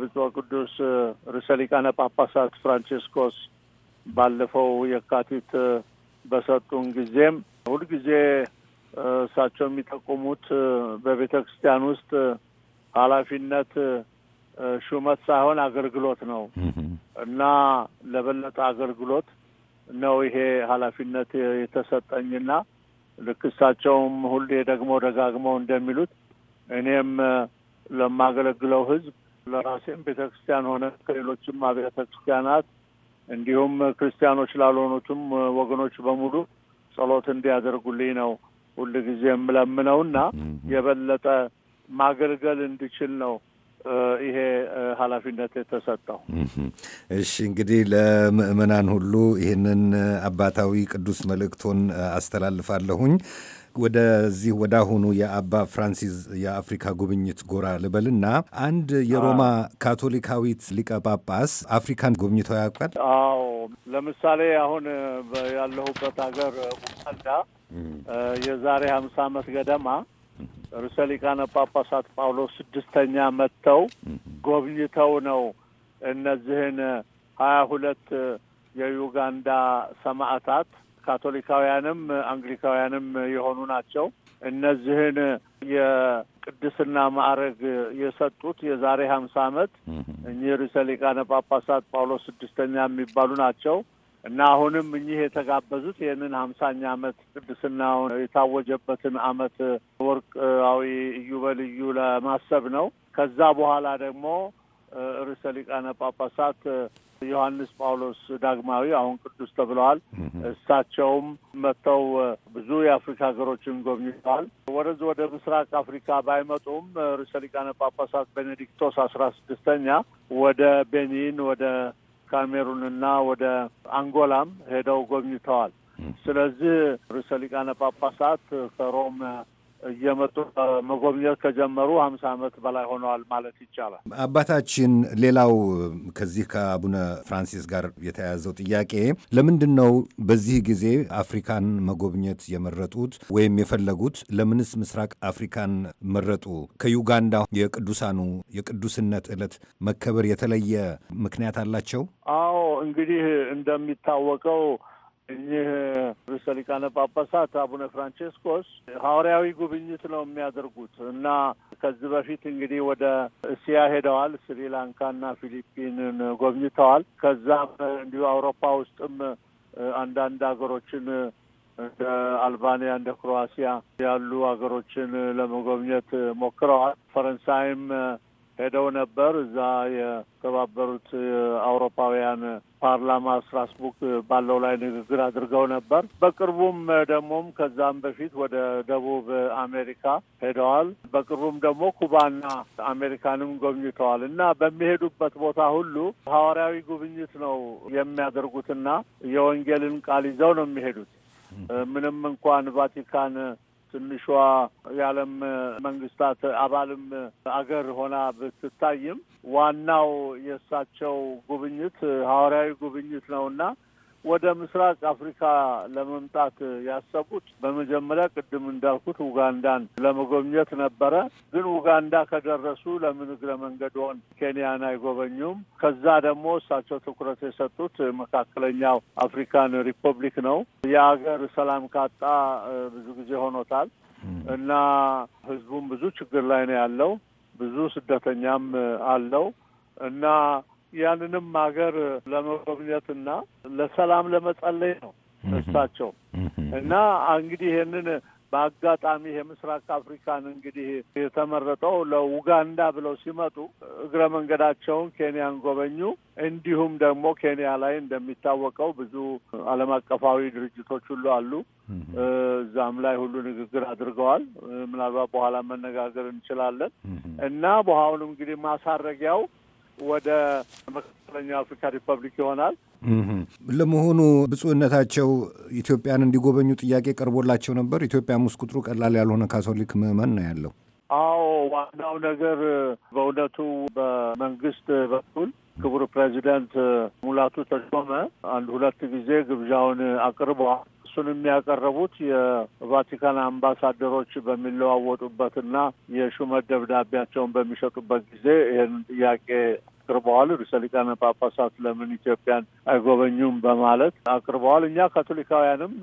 ብፁዕ ቅዱስ ርዕሰ ሊቃነ ጳጳሳት ፍራንቺስኮስ ባለፈው የካቲት በሰጡን ጊዜም ሁልጊዜ እሳቸው የሚጠቁሙት በቤተ ክርስቲያን ውስጥ ኃላፊነት ሹመት ሳይሆን አገልግሎት ነው እና ለበለጠ አገልግሎት ነው ይሄ ኃላፊነት የተሰጠኝና ልክ እሳቸውም ሁሌ ደግሞ ደጋግመው እንደሚሉት እኔም ለማገለግለው ህዝብ ለራሴም ቤተ ክርስቲያን ሆነ ከሌሎችም አብያተ ክርስቲያናት እንዲሁም ክርስቲያኖች ላልሆኑትም ወገኖች በሙሉ ጸሎት እንዲያደርጉልኝ ነው ሁልጊዜ የምለምነውና የበለጠ ማገልገል እንድችል ነው ይሄ ኃላፊነት የተሰጠው። እሺ እንግዲህ ለምእመናን ሁሉ ይህንን አባታዊ ቅዱስ መልእክቶን አስተላልፋለሁኝ። ወደዚህ ወደ አሁኑ የአባ ፍራንሲስ የአፍሪካ ጉብኝት ጎራ ልበልና አንድ የሮማ ካቶሊካዊት ሊቀ ጳጳስ አፍሪካን ጎብኝተው ያውቃል? አዎ፣ ለምሳሌ አሁን ያለሁበት ሀገር ኡጋንዳ የዛሬ ሀምሳ ዓመት ገደማ ርዕሰ ሊቃነ ጳጳሳት ጳውሎስ ስድስተኛ መጥተው ጎብኝተው ነው እነዚህን ሀያ ሁለት የዩጋንዳ ሰማዕታት ካቶሊካውያንም አንግሊካውያንም የሆኑ ናቸው። እነዚህን የቅድስና ማዕረግ የሰጡት የዛሬ ሀምሳ ዓመት እኚህ ርዕሰ ሊቃነ ጳጳሳት ጳውሎስ ስድስተኛ የሚባሉ ናቸው። እና አሁንም እኚህ የተጋበዙት ይህንን ሀምሳኛ ዓመት ቅድስናውን የታወጀበትን ዓመት ወርቃዊ እዩ በልዩ ለማሰብ ነው። ከዛ በኋላ ደግሞ ርዕሰ ሊቃነ ጳጳሳት ዮሐንስ ጳውሎስ ዳግማዊ አሁን ቅዱስ ተብለዋል። እሳቸውም መጥተው ብዙ የአፍሪካ ሀገሮችን ጎብኝተዋል። ወደዚ ወደ ምስራቅ አፍሪካ ባይመጡም ርዕሰ ሊቃነ ጳጳሳት ቤኔዲክቶስ አስራ ስድስተኛ ወደ ቤኒን ወደ ካሜሩንና ወደ አንጎላም ሄደው ጎብኝተዋል። ስለዚህ ርዕሰ ሊቃነ ጳጳሳት ከሮም እየመጡ መጎብኘት ከጀመሩ ሀምሳ ዓመት በላይ ሆነዋል ማለት ይቻላል። አባታችን፣ ሌላው ከዚህ ከአቡነ ፍራንሲስ ጋር የተያያዘው ጥያቄ ለምንድን ነው በዚህ ጊዜ አፍሪካን መጎብኘት የመረጡት ወይም የፈለጉት? ለምንስ ምስራቅ አፍሪካን መረጡ? ከዩጋንዳ የቅዱሳኑ የቅዱስነት ዕለት መከበር የተለየ ምክንያት አላቸው? አዎ እንግዲህ እንደሚታወቀው እኚህ ርዕሰ ሊቃነ ጳጳሳት አቡነ ፍራንቼስኮስ ሐዋርያዊ ጉብኝት ነው የሚያደርጉት እና ከዚህ በፊት እንግዲህ ወደ እስያ ሄደዋል። ስሪላንካና ፊሊፒንን ጎብኝተዋል። ከዛም እንዲሁ አውሮፓ ውስጥም አንዳንድ ሀገሮችን እንደ አልባንያ እንደ ክሮዋሲያ ያሉ ሀገሮችን ለመጎብኘት ሞክረዋል። ፈረንሳይም ሄደው ነበር። እዛ የተባበሩት አውሮፓውያን ፓርላማ ስትራስቡርግ ባለው ላይ ንግግር አድርገው ነበር። በቅርቡም ደግሞም ከዛም በፊት ወደ ደቡብ አሜሪካ ሄደዋል። በቅርቡም ደግሞ ኩባና አሜሪካንም ጎብኝተዋል እና በሚሄዱበት ቦታ ሁሉ ሐዋርያዊ ጉብኝት ነው የሚያደርጉትና የወንጌልን ቃል ይዘው ነው የሚሄዱት ምንም እንኳን ቫቲካን ትንሿ የዓለም መንግስታት አባልም አገር ሆና ብትታይም ዋናው የእሳቸው ጉብኝት ሐዋርያዊ ጉብኝት ነውና ወደ ምስራቅ አፍሪካ ለመምጣት ያሰቡት በመጀመሪያ ቅድም እንዳልኩት ኡጋንዳን ለመጎብኘት ነበረ። ግን ኡጋንዳ ከደረሱ ለምን እግረ መንገድዎን ኬንያን አይጎበኙም? ከዛ ደግሞ እሳቸው ትኩረት የሰጡት መካከለኛው አፍሪካን ሪፐብሊክ ነው። የሀገር ሰላም ካጣ ብዙ ጊዜ ሆኖታል እና ህዝቡም ብዙ ችግር ላይ ነው ያለው። ብዙ ስደተኛም አለው እና ያንንም ሀገር ለመጎብኘት ለሰላም ለመጸለይ ነው እሳቸው እና እንግዲህ ይሄንን በአጋጣሚ የምስራቅ አፍሪካን እንግዲህ የተመረጠው ለኡጋንዳ ብለው ሲመጡ እግረ መንገዳቸውን ኬንያን ጎበኙ። እንዲሁም ደግሞ ኬንያ ላይ እንደሚታወቀው ብዙ ዓለም አቀፋዊ ድርጅቶች ሁሉ አሉ። እዛም ላይ ሁሉ ንግግር አድርገዋል። ምናልባት በኋላ መነጋገር እንችላለን እና በኋላም እንግዲህ ማሳረጊያው ወደ መካከለኛው አፍሪካ ሪፐብሊክ ይሆናል። ለመሆኑ ብፁዕነታቸው ኢትዮጵያን እንዲጎበኙ ጥያቄ ቀርቦላቸው ነበር? ኢትዮጵያም ውስጥ ቁጥሩ ቀላል ያልሆነ ካቶሊክ ምዕመን ነው ያለው። አዎ፣ ዋናው ነገር በእውነቱ በመንግስት በኩል ክቡር ፕሬዚደንት ሙላቱ ተሾመ አንድ ሁለት ጊዜ ግብዣውን አቅርበዋል። እሱንም የሚያቀርቡት የቫቲካን አምባሳደሮች በሚለዋወጡበትና የሹመት ደብዳቤያቸውን በሚሸጡበት ጊዜ ይህን ጥያቄ አቅርበዋል። ርዕሰ ሊቃነ ጳጳሳት ለምን ኢትዮጵያን አይጎበኙም በማለት አቅርበዋል። እኛ ካቶሊካውያንም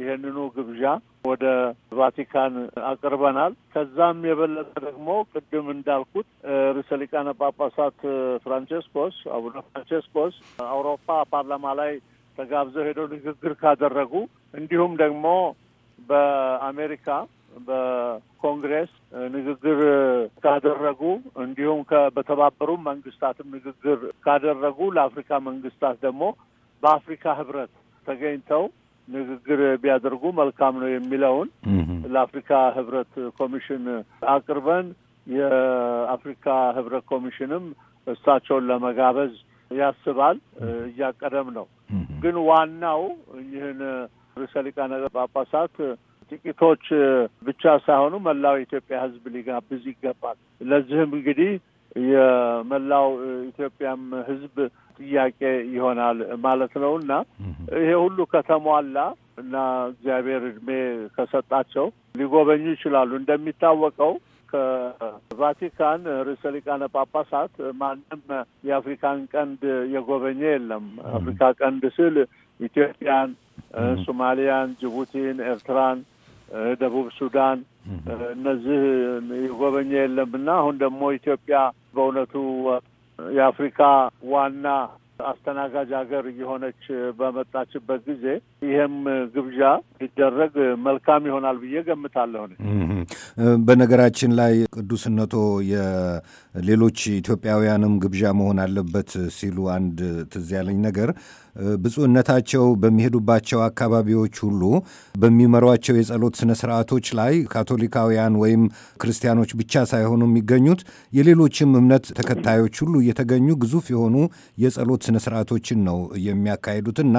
ይህንኑ ግብዣ ወደ ቫቲካን አቅርበናል። ከዛም የበለጠ ደግሞ ቅድም እንዳልኩት ርዕሰ ሊቃነ ጳጳሳት ፍራንቼስኮስ አቡነ ፍራንቼስኮስ አውሮፓ ፓርላማ ላይ ተጋብዘው ሄደው ንግግር ካደረጉ እንዲሁም ደግሞ በአሜሪካ በኮንግሬስ ንግግር ካደረጉ እንዲሁም በተባበሩ መንግስታትም ንግግር ካደረጉ ለአፍሪካ መንግስታት ደግሞ በአፍሪካ ህብረት ተገኝተው ንግግር ቢያደርጉ መልካም ነው የሚለውን ለአፍሪካ ህብረት ኮሚሽን አቅርበን የአፍሪካ ህብረት ኮሚሽንም እሳቸውን ለመጋበዝ ያስባል፣ እያቀደም ነው። ግን ዋናው ይህን ርዕሰ ሊቃነ ጳጳሳት ጥቂቶች ብቻ ሳይሆኑ መላው የኢትዮጵያ ሕዝብ ሊጋብዝ ይገባል። ለዚህም እንግዲህ የመላው ኢትዮጵያም ሕዝብ ጥያቄ ይሆናል ማለት ነው እና ይሄ ሁሉ ከተሟላ እና እግዚአብሔር እድሜ ከሰጣቸው ሊጎበኙ ይችላሉ። እንደሚታወቀው ከቫቲካን ርዕሰ ሊቃነ ጳጳሳት ማንም የአፍሪካን ቀንድ የጎበኘ የለም። አፍሪካ ቀንድ ስል ኢትዮጵያን፣ ሶማሊያን፣ ጅቡቲን፣ ኤርትራን፣ ደቡብ ሱዳን እነዚህ የጎበኘ የለም እና አሁን ደግሞ ኢትዮጵያ በእውነቱ የአፍሪካ ዋና አስተናጋጅ ሀገር እየሆነች በመጣችበት ጊዜ ይህም ግብዣ ሊደረግ መልካም ይሆናል ብዬ ገምታለሁ። በነገራችን ላይ ቅዱስነቶ የሌሎች ኢትዮጵያውያንም ግብዣ መሆን አለበት ሲሉ አንድ ትዝ ያለኝ ነገር ብፁዕነታቸው በሚሄዱባቸው አካባቢዎች ሁሉ በሚመሯቸው የጸሎት ስነ ስርዓቶች ላይ ካቶሊካውያን ወይም ክርስቲያኖች ብቻ ሳይሆኑ የሚገኙት የሌሎችም እምነት ተከታዮች ሁሉ እየተገኙ ግዙፍ የሆኑ የጸሎት ስነ ስርዓቶችን ነው የሚያካሂዱትና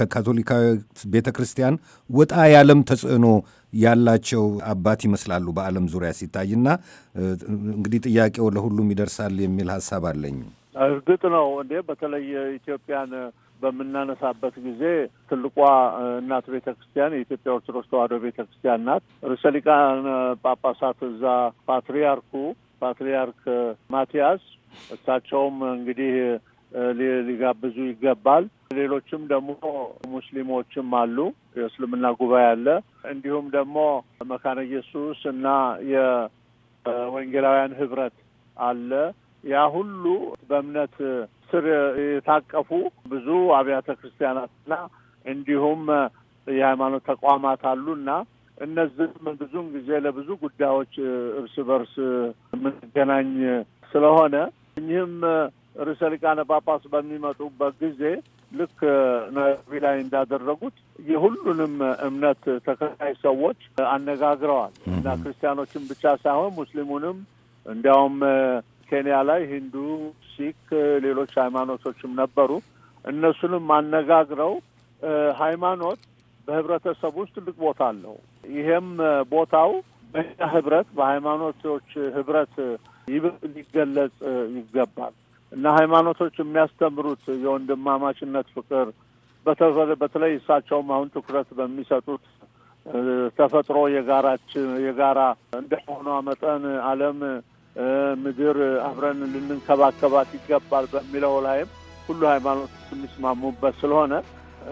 ከካቶሊካዊ ቤተ ክርስቲያን ወጣ ያለም ተጽዕኖ ያላቸው አባት ይመስላሉ በዓለም ዙሪያ ሲታይና እንግዲህ ጥያቄው ለሁሉም ይደርሳል የሚል ሀሳብ አለኝ። እርግጥ ነው እንዴ በተለይ ኢትዮጵያን በምናነሳበት ጊዜ ትልቋ እናት ቤተ ክርስቲያን የኢትዮጵያ ኦርቶዶክስ ተዋሕዶ ቤተ ክርስቲያን ናት። ርዕሰ ሊቃነ ጳጳሳት እዛ ፓትሪያርኩ ፓትሪያርክ ማቲያስ እሳቸውም እንግዲህ ሊጋብዙ ይገባል። ሌሎችም ደግሞ ሙስሊሞችም አሉ፣ የእስልምና ጉባኤ አለ። እንዲሁም ደግሞ መካነ ኢየሱስ እና የወንጌላውያን ህብረት አለ። ያ ሁሉ በእምነት ስር የታቀፉ ብዙ አብያተ ክርስቲያናትና እንዲሁም የሃይማኖት ተቋማት አሉና እነዚህም ብዙውን ጊዜ ለብዙ ጉዳዮች እርስ በርስ የምንገናኝ ስለሆነ እኚህም ርዕሰ ሊቃነ ጳጳስ በሚመጡበት ጊዜ ልክ ናይሮቢ ላይ እንዳደረጉት የሁሉንም እምነት ተከታይ ሰዎች አነጋግረዋል እና ክርስቲያኖችን ብቻ ሳይሆን ሙስሊሙንም እንዲያውም ኬንያ ላይ ሂንዱ፣ ሲክ፣ ሌሎች ሃይማኖቶችም ነበሩ። እነሱንም አነጋግረው ሃይማኖት በህብረተሰብ ውስጥ ትልቅ ቦታ አለው። ይሄም ቦታው በኛ ህብረት፣ በሃይማኖቶች ህብረት ይበልጥ ሊገለጽ ይገባል። እና ሃይማኖቶች የሚያስተምሩት የወንድማማችነት ፍቅር በተለይ እሳቸውም አሁን ትኩረት በሚሰጡት ተፈጥሮ የጋራችን የጋራ እንደሆኗ መጠን ዓለም ምድር አብረን ልንንከባከባት ይገባል በሚለው ላይም ሁሉ ሃይማኖቶች የሚስማሙበት ስለሆነ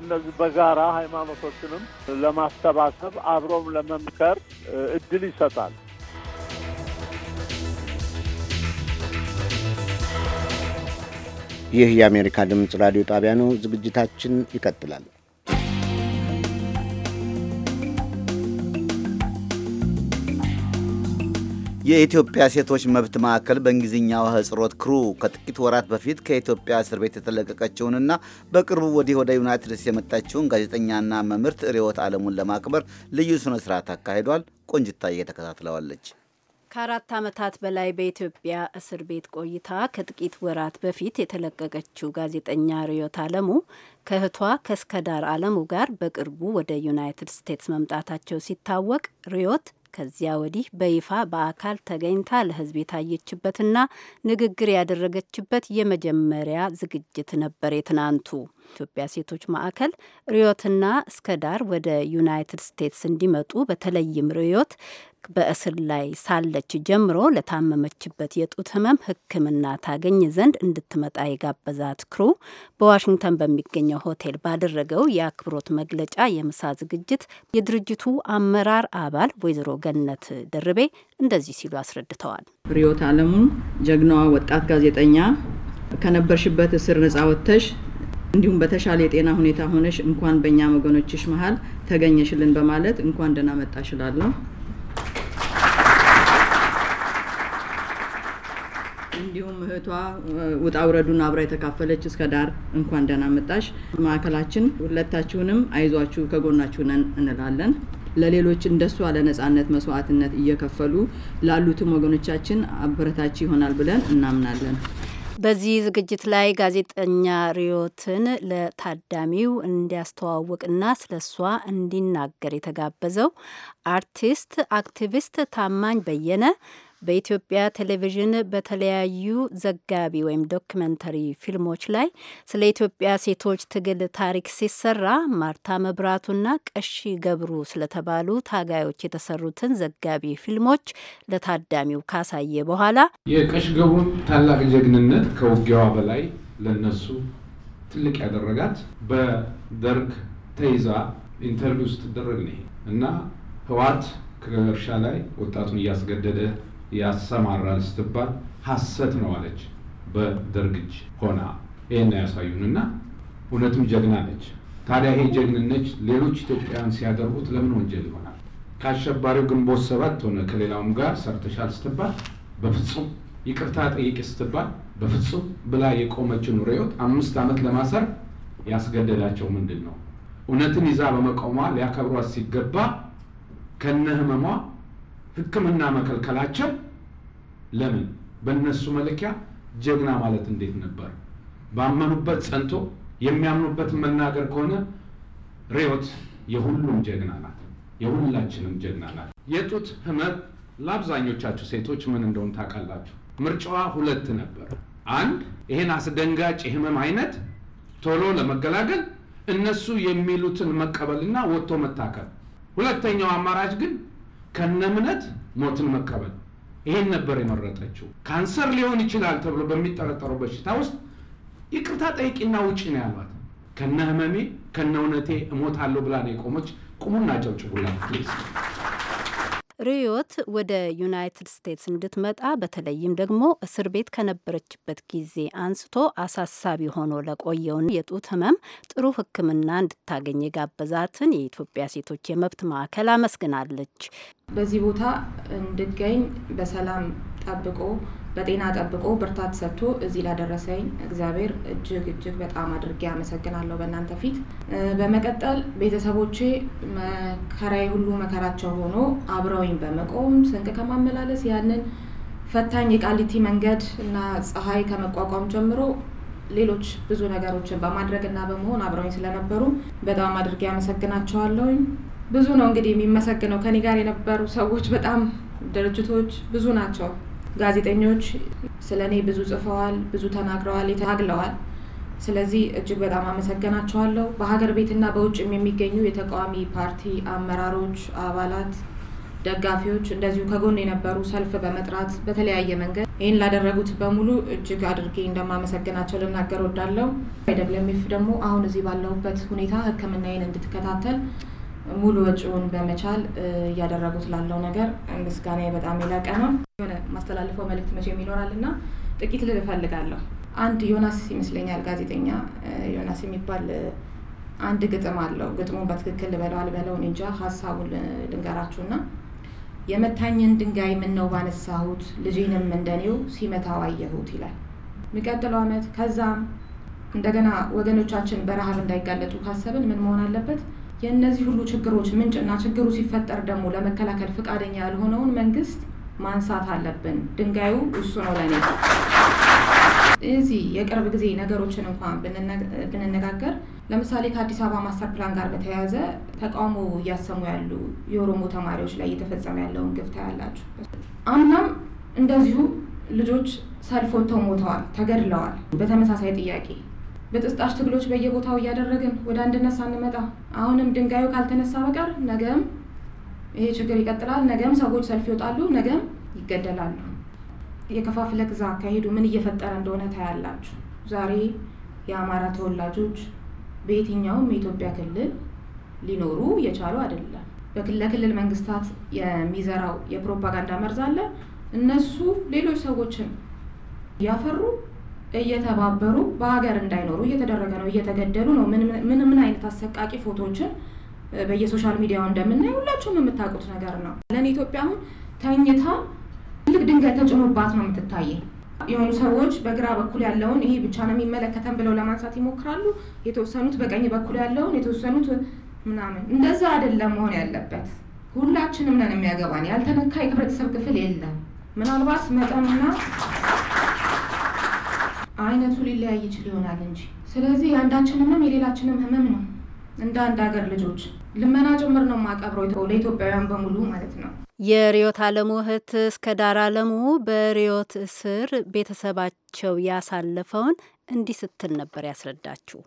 እነዚህ በጋራ ሃይማኖቶችንም ለማስተባሰብ አብሮም ለመምከር እድል ይሰጣል። ይህ የአሜሪካ ድምፅ ራዲዮ ጣቢያ ነው። ዝግጅታችን ይቀጥላል። የኢትዮጵያ ሴቶች መብት ማዕከል በእንግሊዝኛው ህጽሮት ክሩ ከጥቂት ወራት በፊት ከኢትዮጵያ እስር ቤት የተለቀቀችውንና በቅርቡ ወዲህ ወደ ዩናይትድ ስቴትስ የመጣችውን ጋዜጠኛና መምህርት ርዕዮት ዓለሙን ለማክበር ልዩ ስነ ስርዓት አካሂዷል። ቆንጅታዬ ተከታትለዋለች። ከአራት ዓመታት በላይ በኢትዮጵያ እስር ቤት ቆይታ ከጥቂት ወራት በፊት የተለቀቀችው ጋዜጠኛ ርዕዮት አለሙ ከእህቷ ከእስከዳር አለሙ ጋር በቅርቡ ወደ ዩናይትድ ስቴትስ መምጣታቸው ሲታወቅ ርዕዮት ከዚያ ወዲህ በይፋ በአካል ተገኝታ ለሕዝብ የታየችበትና ንግግር ያደረገችበት የመጀመሪያ ዝግጅት ነበር የትናንቱ። ኢትዮጵያ ሴቶች ማዕከል ርዮትና እስከ ዳር ወደ ዩናይትድ ስቴትስ እንዲመጡ በተለይም ርዮት በእስር ላይ ሳለች ጀምሮ ለታመመችበት የጡት ሕመም ሕክምና ታገኝ ዘንድ እንድትመጣ የጋበዛት ክሩ በዋሽንግተን በሚገኘው ሆቴል ባደረገው የአክብሮት መግለጫ የምሳ ዝግጅት የድርጅቱ አመራር አባል ወይዘሮ ገነት ደርቤ እንደዚህ ሲሉ አስረድተዋል። ርዮት አለሙ ጀግናዋ ወጣት ጋዜጠኛ ከነበርሽበት እስር ነጻ ወጥተሽ እንዲሁም በተሻለ የጤና ሁኔታ ሆነሽ እንኳን በእኛ ወገኖችሽ መሀል ተገኘሽልን በማለት እንኳን ደህና መጣሽ እንዲሁም እህቷ ውጣ ውረዱን አብራ የተካፈለች እስከ ዳር እንኳን ደህና መጣሽ። ማዕከላችን ሁለታችሁንም አይዟችሁ ከጎናችሁ ነን እንላለን። ለሌሎች እንደሷ ለነጻነት መስዋዕትነት እየከፈሉ ላሉትም ወገኖቻችን አበረታች ይሆናል ብለን እናምናለን። በዚህ ዝግጅት ላይ ጋዜጠኛ ሪዮትን ለታዳሚው እንዲያስተዋውቅና ስለሷ እንዲናገር የተጋበዘው አርቲስት አክቲቪስት ታማኝ በየነ በኢትዮጵያ ቴሌቪዥን በተለያዩ ዘጋቢ ወይም ዶክመንተሪ ፊልሞች ላይ ስለ ኢትዮጵያ ሴቶች ትግል ታሪክ ሲሰራ ማርታ መብራቱና ቀሺ ገብሩ ስለተባሉ ታጋዮች የተሰሩትን ዘጋቢ ፊልሞች ለታዳሚው ካሳየ በኋላ የቀሺ ገብሩን ታላቅ ጀግንነት ከውጊያዋ በላይ ለነሱ ትልቅ ያደረጋት በደርግ ተይዛ ኢንተርቪው ስትደረግ ነው እና ህዋት ከእርሻ ላይ ወጣቱን እያስገደደ ያሰማራል ስትባል ሀሰት ነው አለች። በደርግ ሆና ይህን ያሳዩንና እውነትም ጀግና ነች። ታዲያ ይሄ ጀግንነች ሌሎች ኢትዮጵያውያን ሲያደርጉት ለምን ወንጀል ይሆናል? ከአሸባሪው ግንቦት ሰባት ሆነ ከሌላውም ጋር ሰርተሻል ስትባል በፍጹም ይቅርታ ጠይቂ ስትባል በፍጹም ብላ የቆመችን ኑሬዎት አምስት ዓመት ለማሰር ያስገደዳቸው ምንድን ነው? እውነትን ይዛ በመቆሟ ሊያከብሯት ሲገባ ከነ ህመሟ ህክምና መከልከላቸው ለምን በእነሱ መለኪያ ጀግና ማለት እንዴት ነበር? ባመኑበት ጸንቶ የሚያምኑበት መናገር ከሆነ ሬዮት የሁሉም ጀግና ናት፣ የሁላችንም ጀግና ናት። የጡት ህመም ለአብዛኞቻችሁ ሴቶች ምን እንደሆን ታውቃላችሁ። ምርጫዋ ሁለት ነበር። አንድ ይህን አስደንጋጭ የህመም አይነት ቶሎ ለመገላገል እነሱ የሚሉትን መቀበልና ወጥቶ መታከል። ሁለተኛው አማራጭ ግን ከነ እምነት ሞትን መቀበል ይሄን ነበር የመረጠችው። ካንሰር ሊሆን ይችላል ተብሎ በሚጠረጠረው በሽታ ውስጥ ይቅርታ ጠይቂና ውጭ ነው ያሏት። ከነ ህመሜ ከነ እውነቴ እሞታለሁ ብላ ነው የቆመች። ቁሙና ጨብጭቡላት። ሪዮት ወደ ዩናይትድ ስቴትስ እንድትመጣ በተለይም ደግሞ እስር ቤት ከነበረችበት ጊዜ አንስቶ አሳሳቢ ሆኖ ለቆየውን የጡት ህመም ጥሩ ሕክምና እንድታገኝ የጋበዛትን የኢትዮጵያ ሴቶች የመብት ማዕከል አመስግናለች። በዚህ ቦታ እንድገኝ በሰላም ጠብቆ በጤና ጠብቆ ብርታት ሰጥቶ እዚህ ላደረሰኝ እግዚአብሔር እጅግ እጅግ በጣም አድርጌ አመሰግናለሁ በእናንተ ፊት። በመቀጠል ቤተሰቦቼ መከራዬ ሁሉ መከራቸው ሆኖ አብረውኝ በመቆም ስንቅ ከማመላለስ ያንን ፈታኝ የቃሊቲ መንገድ እና ፀሐይ ከመቋቋም ጀምሮ ሌሎች ብዙ ነገሮችን በማድረግ እና በመሆን አብረውኝ ስለነበሩ በጣም አድርጌ አመሰግናቸዋለሁኝ። ብዙ ነው እንግዲህ የሚመሰግነው። ከኔ ጋር የነበሩ ሰዎች በጣም ድርጅቶች ብዙ ናቸው። ጋዜጠኞች ስለ እኔ ብዙ ጽፈዋል፣ ብዙ ተናግረዋል፣ ታግለዋል። ስለዚህ እጅግ በጣም አመሰገናቸዋለሁ። በሀገር ቤትና በውጭም የሚገኙ የተቃዋሚ ፓርቲ አመራሮች፣ አባላት፣ ደጋፊዎች እንደዚሁ ከጎን የነበሩ ሰልፍ በመጥራት በተለያየ መንገድ ይህን ላደረጉት በሙሉ እጅግ አድርጌ እንደማመሰግናቸው ልናገር ወዳለው። ደብለሚፍ ደግሞ አሁን እዚህ ባለሁበት ሁኔታ ሕክምናዬን እንድትከታተል ሙሉ ወጪውን በመቻል እያደረጉት ላለው ነገር ምስጋና በጣም የላቀ ነው። የሆነ ማስተላልፈው መልእክት መቼም ይኖራል እና ጥቂት ልል እፈልጋለሁ። አንድ ዮናስ ይመስለኛል ጋዜጠኛ ዮናስ የሚባል አንድ ግጥም አለው። ግጥሙን በትክክል ልበለው አልበለው እንጃ፣ ሀሳቡን ልንገራችሁና የመታኝን ድንጋይ ምነው ባነሳሁት ልጅንም እንደኔው ሲመታው አየሁት ይላል። የሚቀጥለው ዓመት ከዛም እንደገና ወገኖቻችን በረሃብ እንዳይጋለጡ ካሰብን ምን መሆን አለበት? የእነዚህ ሁሉ ችግሮች ምንጭና ችግሩ ሲፈጠር ደግሞ ለመከላከል ፈቃደኛ ያልሆነውን መንግስት ማንሳት አለብን። ድንጋዩ እሱ ነው ለኔ። እዚህ የቅርብ ጊዜ ነገሮችን እንኳን ብንነጋገር ለምሳሌ ከአዲስ አበባ ማስተር ፕላን ጋር በተያያዘ ተቃውሞ እያሰሙ ያሉ የኦሮሞ ተማሪዎች ላይ እየተፈጸመ ያለውን ግፍ ታያላችሁ። አምናም እንደዚሁ ልጆች ሰልፍ ወጥተው ሞተዋል፣ ተገድለዋል። በተመሳሳይ ጥያቄ ብጥስጣሽ ትግሎች በየቦታው እያደረግን ወደ አንድነት ሳንመጣ አሁንም ድንጋዩ ካልተነሳ በቀር ነገም ይሄ ችግር ይቀጥላል። ነገም ሰዎች ሰልፍ ይወጣሉ፣ ነገም ይገደላሉ። የከፋፍለ ግዛ አካሄዱ ምን እየፈጠረ እንደሆነ ታያላችሁ። ዛሬ የአማራ ተወላጆች በየትኛውም የኢትዮጵያ ክልል ሊኖሩ የቻሉ አይደለም። ለክልል መንግስታት የሚዘራው የፕሮፓጋንዳ መርዝ አለ። እነሱ ሌሎች ሰዎችን እያፈሩ እየተባበሩ በሀገር እንዳይኖሩ እየተደረገ ነው። እየተገደሉ ነው። ምን ምን አይነት አሰቃቂ ፎቶዎችን በየሶሻል ሚዲያው እንደምናይ ሁላችሁም የምታውቁት ነገር ነው። ለእኔ ኢትዮጵያ አሁን ተኝታ ትልቅ ድንጋይ ተጭኖባት ነው የምትታየ። የሆኑ ሰዎች በግራ በኩል ያለውን ይሄ ብቻ ነው የሚመለከተን ብለው ለማንሳት ይሞክራሉ። የተወሰኑት በቀኝ በኩል ያለውን የተወሰኑት ምናምን፣ እንደዛ አይደለም መሆን ያለበት። ሁላችንም ነን የሚያገባን። ያልተነካ የህብረተሰብ ክፍል የለም። ምናልባት መጠንና አይነቱ ሊለያይ ይችል ይሆናል እንጂ። ስለዚህ የአንዳችንም የሌላችንም ህመም ነው። እንደ አንድ ሀገር ልጆች ልመና ጭምር ነው ማቀብረው ለኢትዮጵያውያን በሙሉ ማለት ነው። የሪዮት አለሙ እህት እስከ ዳር አለሙ በሪዮት እስር ቤተሰባቸው ያሳለፈውን እንዲህ ስትል ነበር ያስረዳችሁ።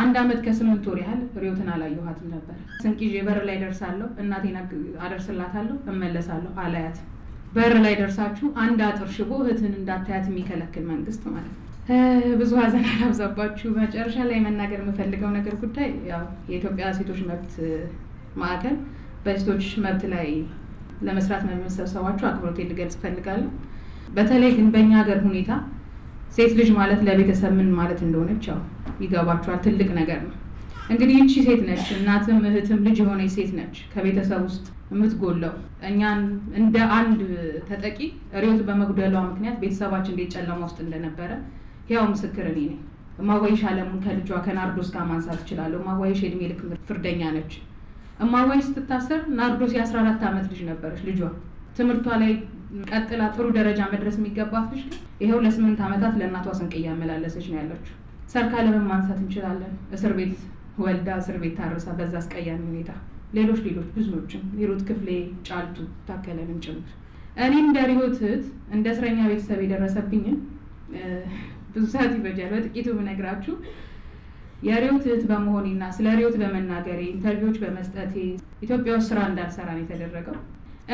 አንድ አመት ከስምንት ወር ያህል ሪዮትን አላየኋትም ነበር። ስንቅ ይዤ በር ላይ ደርሳለሁ፣ እናቴን አደርስላታለሁ፣ እመለሳለሁ፣ አላያትም በር ላይ ደርሳችሁ አንድ አጥር ሽቦ እህትን እንዳታያት የሚከለክል መንግስት ማለት ነው። ብዙ ሀዘን አላብዛባችሁ። መጨረሻ ላይ መናገር የምፈልገው ነገር ጉዳይ ያው የኢትዮጵያ ሴቶች መብት ማዕከል በሴቶች መብት ላይ ለመስራት መመሰብሰባችሁ አክብሮቴ ልገልጽ እፈልጋለሁ። በተለይ ግን በእኛ ሀገር ሁኔታ ሴት ልጅ ማለት ለቤተሰብ ምን ማለት እንደሆነች ያው ይገባችኋል። ትልቅ ነገር ነው። እንግዲህ ይቺ ሴት ነች እናትም እህትም ልጅ የሆነች ሴት ነች ከቤተሰብ ውስጥ የምትጎለው። እኛን እንደ አንድ ተጠቂ ሪዮት በመጉደሏ ምክንያት ቤተሰባችን እንዴት ጨለማ ውስጥ እንደነበረ ያው ምስክር እኔ ነኝ። እማዋይሽ አለሙን ከልጇ ከናርዶስ ጋር ማንሳት እችላለሁ። እማዋይሽ የእድሜ ልክ ፍርደኛ ነች። እማዋይሽ ስትታሰር ናርዶስ የ14 ዓመት ልጅ ነበረች። ልጇ ትምህርቷ ላይ ቀጥላ ጥሩ ደረጃ መድረስ የሚገባት ልጅ ይኸው ለስምንት ዓመታት ለእናቷ ስንቅ እያመላለሰች ነው ያለችው። ሰርካለምን ማንሳት እንችላለን። እስር ቤት ወልዳ እስር ቤት ታርሳ በዛ አስቀያሚ ሁኔታ ሌሎች ሌሎች ብዙዎችም ሂሩት ክፍሌ፣ ጫልቱ ታከለንም ጭምር እኔ እንደ ሪሆት እህት እንደ እስረኛ ቤተሰብ የደረሰብኝም ብዙ ሰዓት ይበጃል። በጥቂቱ ብነግራችሁ የሪዮት እህት በመሆኔና ስለ ሪዮት በመናገሬ ኢንተርቪዎች በመስጠቴ ኢትዮጵያ ውስጥ ስራ እንዳልሰራ ነው የተደረገው።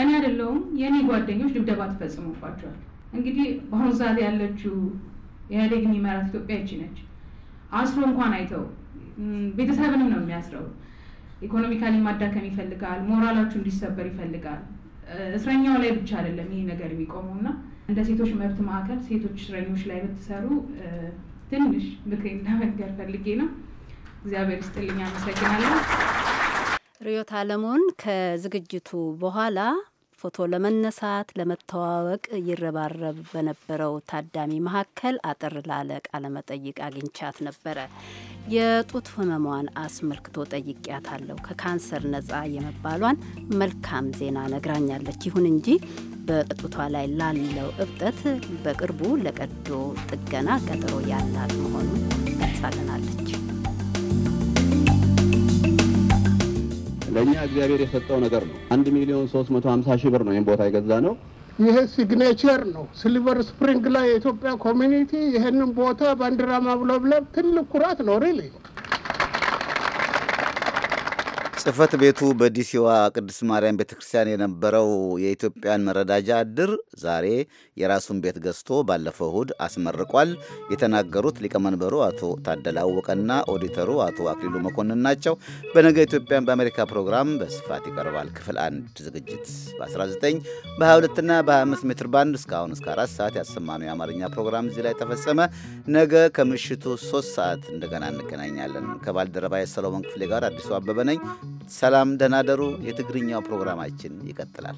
እኔ አይደለሁም የእኔ ጓደኞች ድብደባ ተፈጽሞባቸዋል። እንግዲህ በአሁኑ ሰዓት ያለችው ኢህአዴግ የሚመራት ኢትዮጵያ ይቺ ነች። አስሮ እንኳን አይተው ቤተሰብንም ነው የሚያስረው። ኢኮኖሚካሊ ማዳከም ይፈልጋል። ሞራላችሁ እንዲሰበር ይፈልጋል። እስረኛው ላይ ብቻ አይደለም ይሄ ነገር የሚቆመው እና እንደ ሴቶች መብት ማዕከል ሴቶች እስረኞች ላይ ብትሰሩ ትንሽ ምክሬን ለመንገር ፈልጌ ነው። እግዚአብሔር ይስጥልኝ። አመሰግናለሁ። ርዕዮት አለሙን ከዝግጅቱ በኋላ ፎቶ ለመነሳት ለመተዋወቅ ይረባረብ በነበረው ታዳሚ መካከል አጠር ላለ ቃለመጠይቅ አግኝቻት ነበረ። የጡት ህመሟን አስመልክቶ ጠይቄያታለሁ። ከካንሰር ነጻ የመባሏን መልካም ዜና ነግራኛለች። ይሁን እንጂ በጡቷ ላይ ላለው እብጠት በቅርቡ ለቀዶ ጥገና ቀጠሮ ያላት መሆኑን ገልጻልናለች። ለእኛ እግዚአብሔር የሰጠው ነገር ነው። አንድ ሚሊዮን ሶስት መቶ ሀምሳ ሺህ ብር ነው ይህን ቦታ የገዛ ነው። ይሄ ሲግኔቸር ነው። ሲልቨር ስፕሪንግ ላይ የኢትዮጵያ ኮሚኒቲ ይህንን ቦታ ባንዲራ ማብለብለብ ትልቅ ኩራት ነው ሪሊ ጽህፈት ቤቱ በዲሲዋ ቅድስት ማርያም ቤተ ክርስቲያን የነበረው የኢትዮጵያን መረዳጃ እድር ዛሬ የራሱን ቤት ገዝቶ ባለፈው እሁድ አስመርቋል። የተናገሩት ሊቀመንበሩ አቶ ታደለ አወቀና ኦዲተሩ አቶ አክሊሉ መኮንን ናቸው። በነገ ኢትዮጵያን በአሜሪካ ፕሮግራም በስፋት ይቀርባል። ክፍል አንድ ዝግጅት በ19 በ22ና በ25 ሜትር ባንድ እስካሁን እስከ አራት ሰዓት ያሰማነው የአማርኛ ፕሮግራም እዚህ ላይ ተፈጸመ። ነገ ከምሽቱ ሶስት ሰዓት እንደገና እንገናኛለን። ከባልደረባ የሰሎሞን ክፍሌ ጋር አዲሱ አበበ ነኝ። ሰላም፣ ደናደሩ የትግርኛው ፕሮግራማችን ይቀጥላል።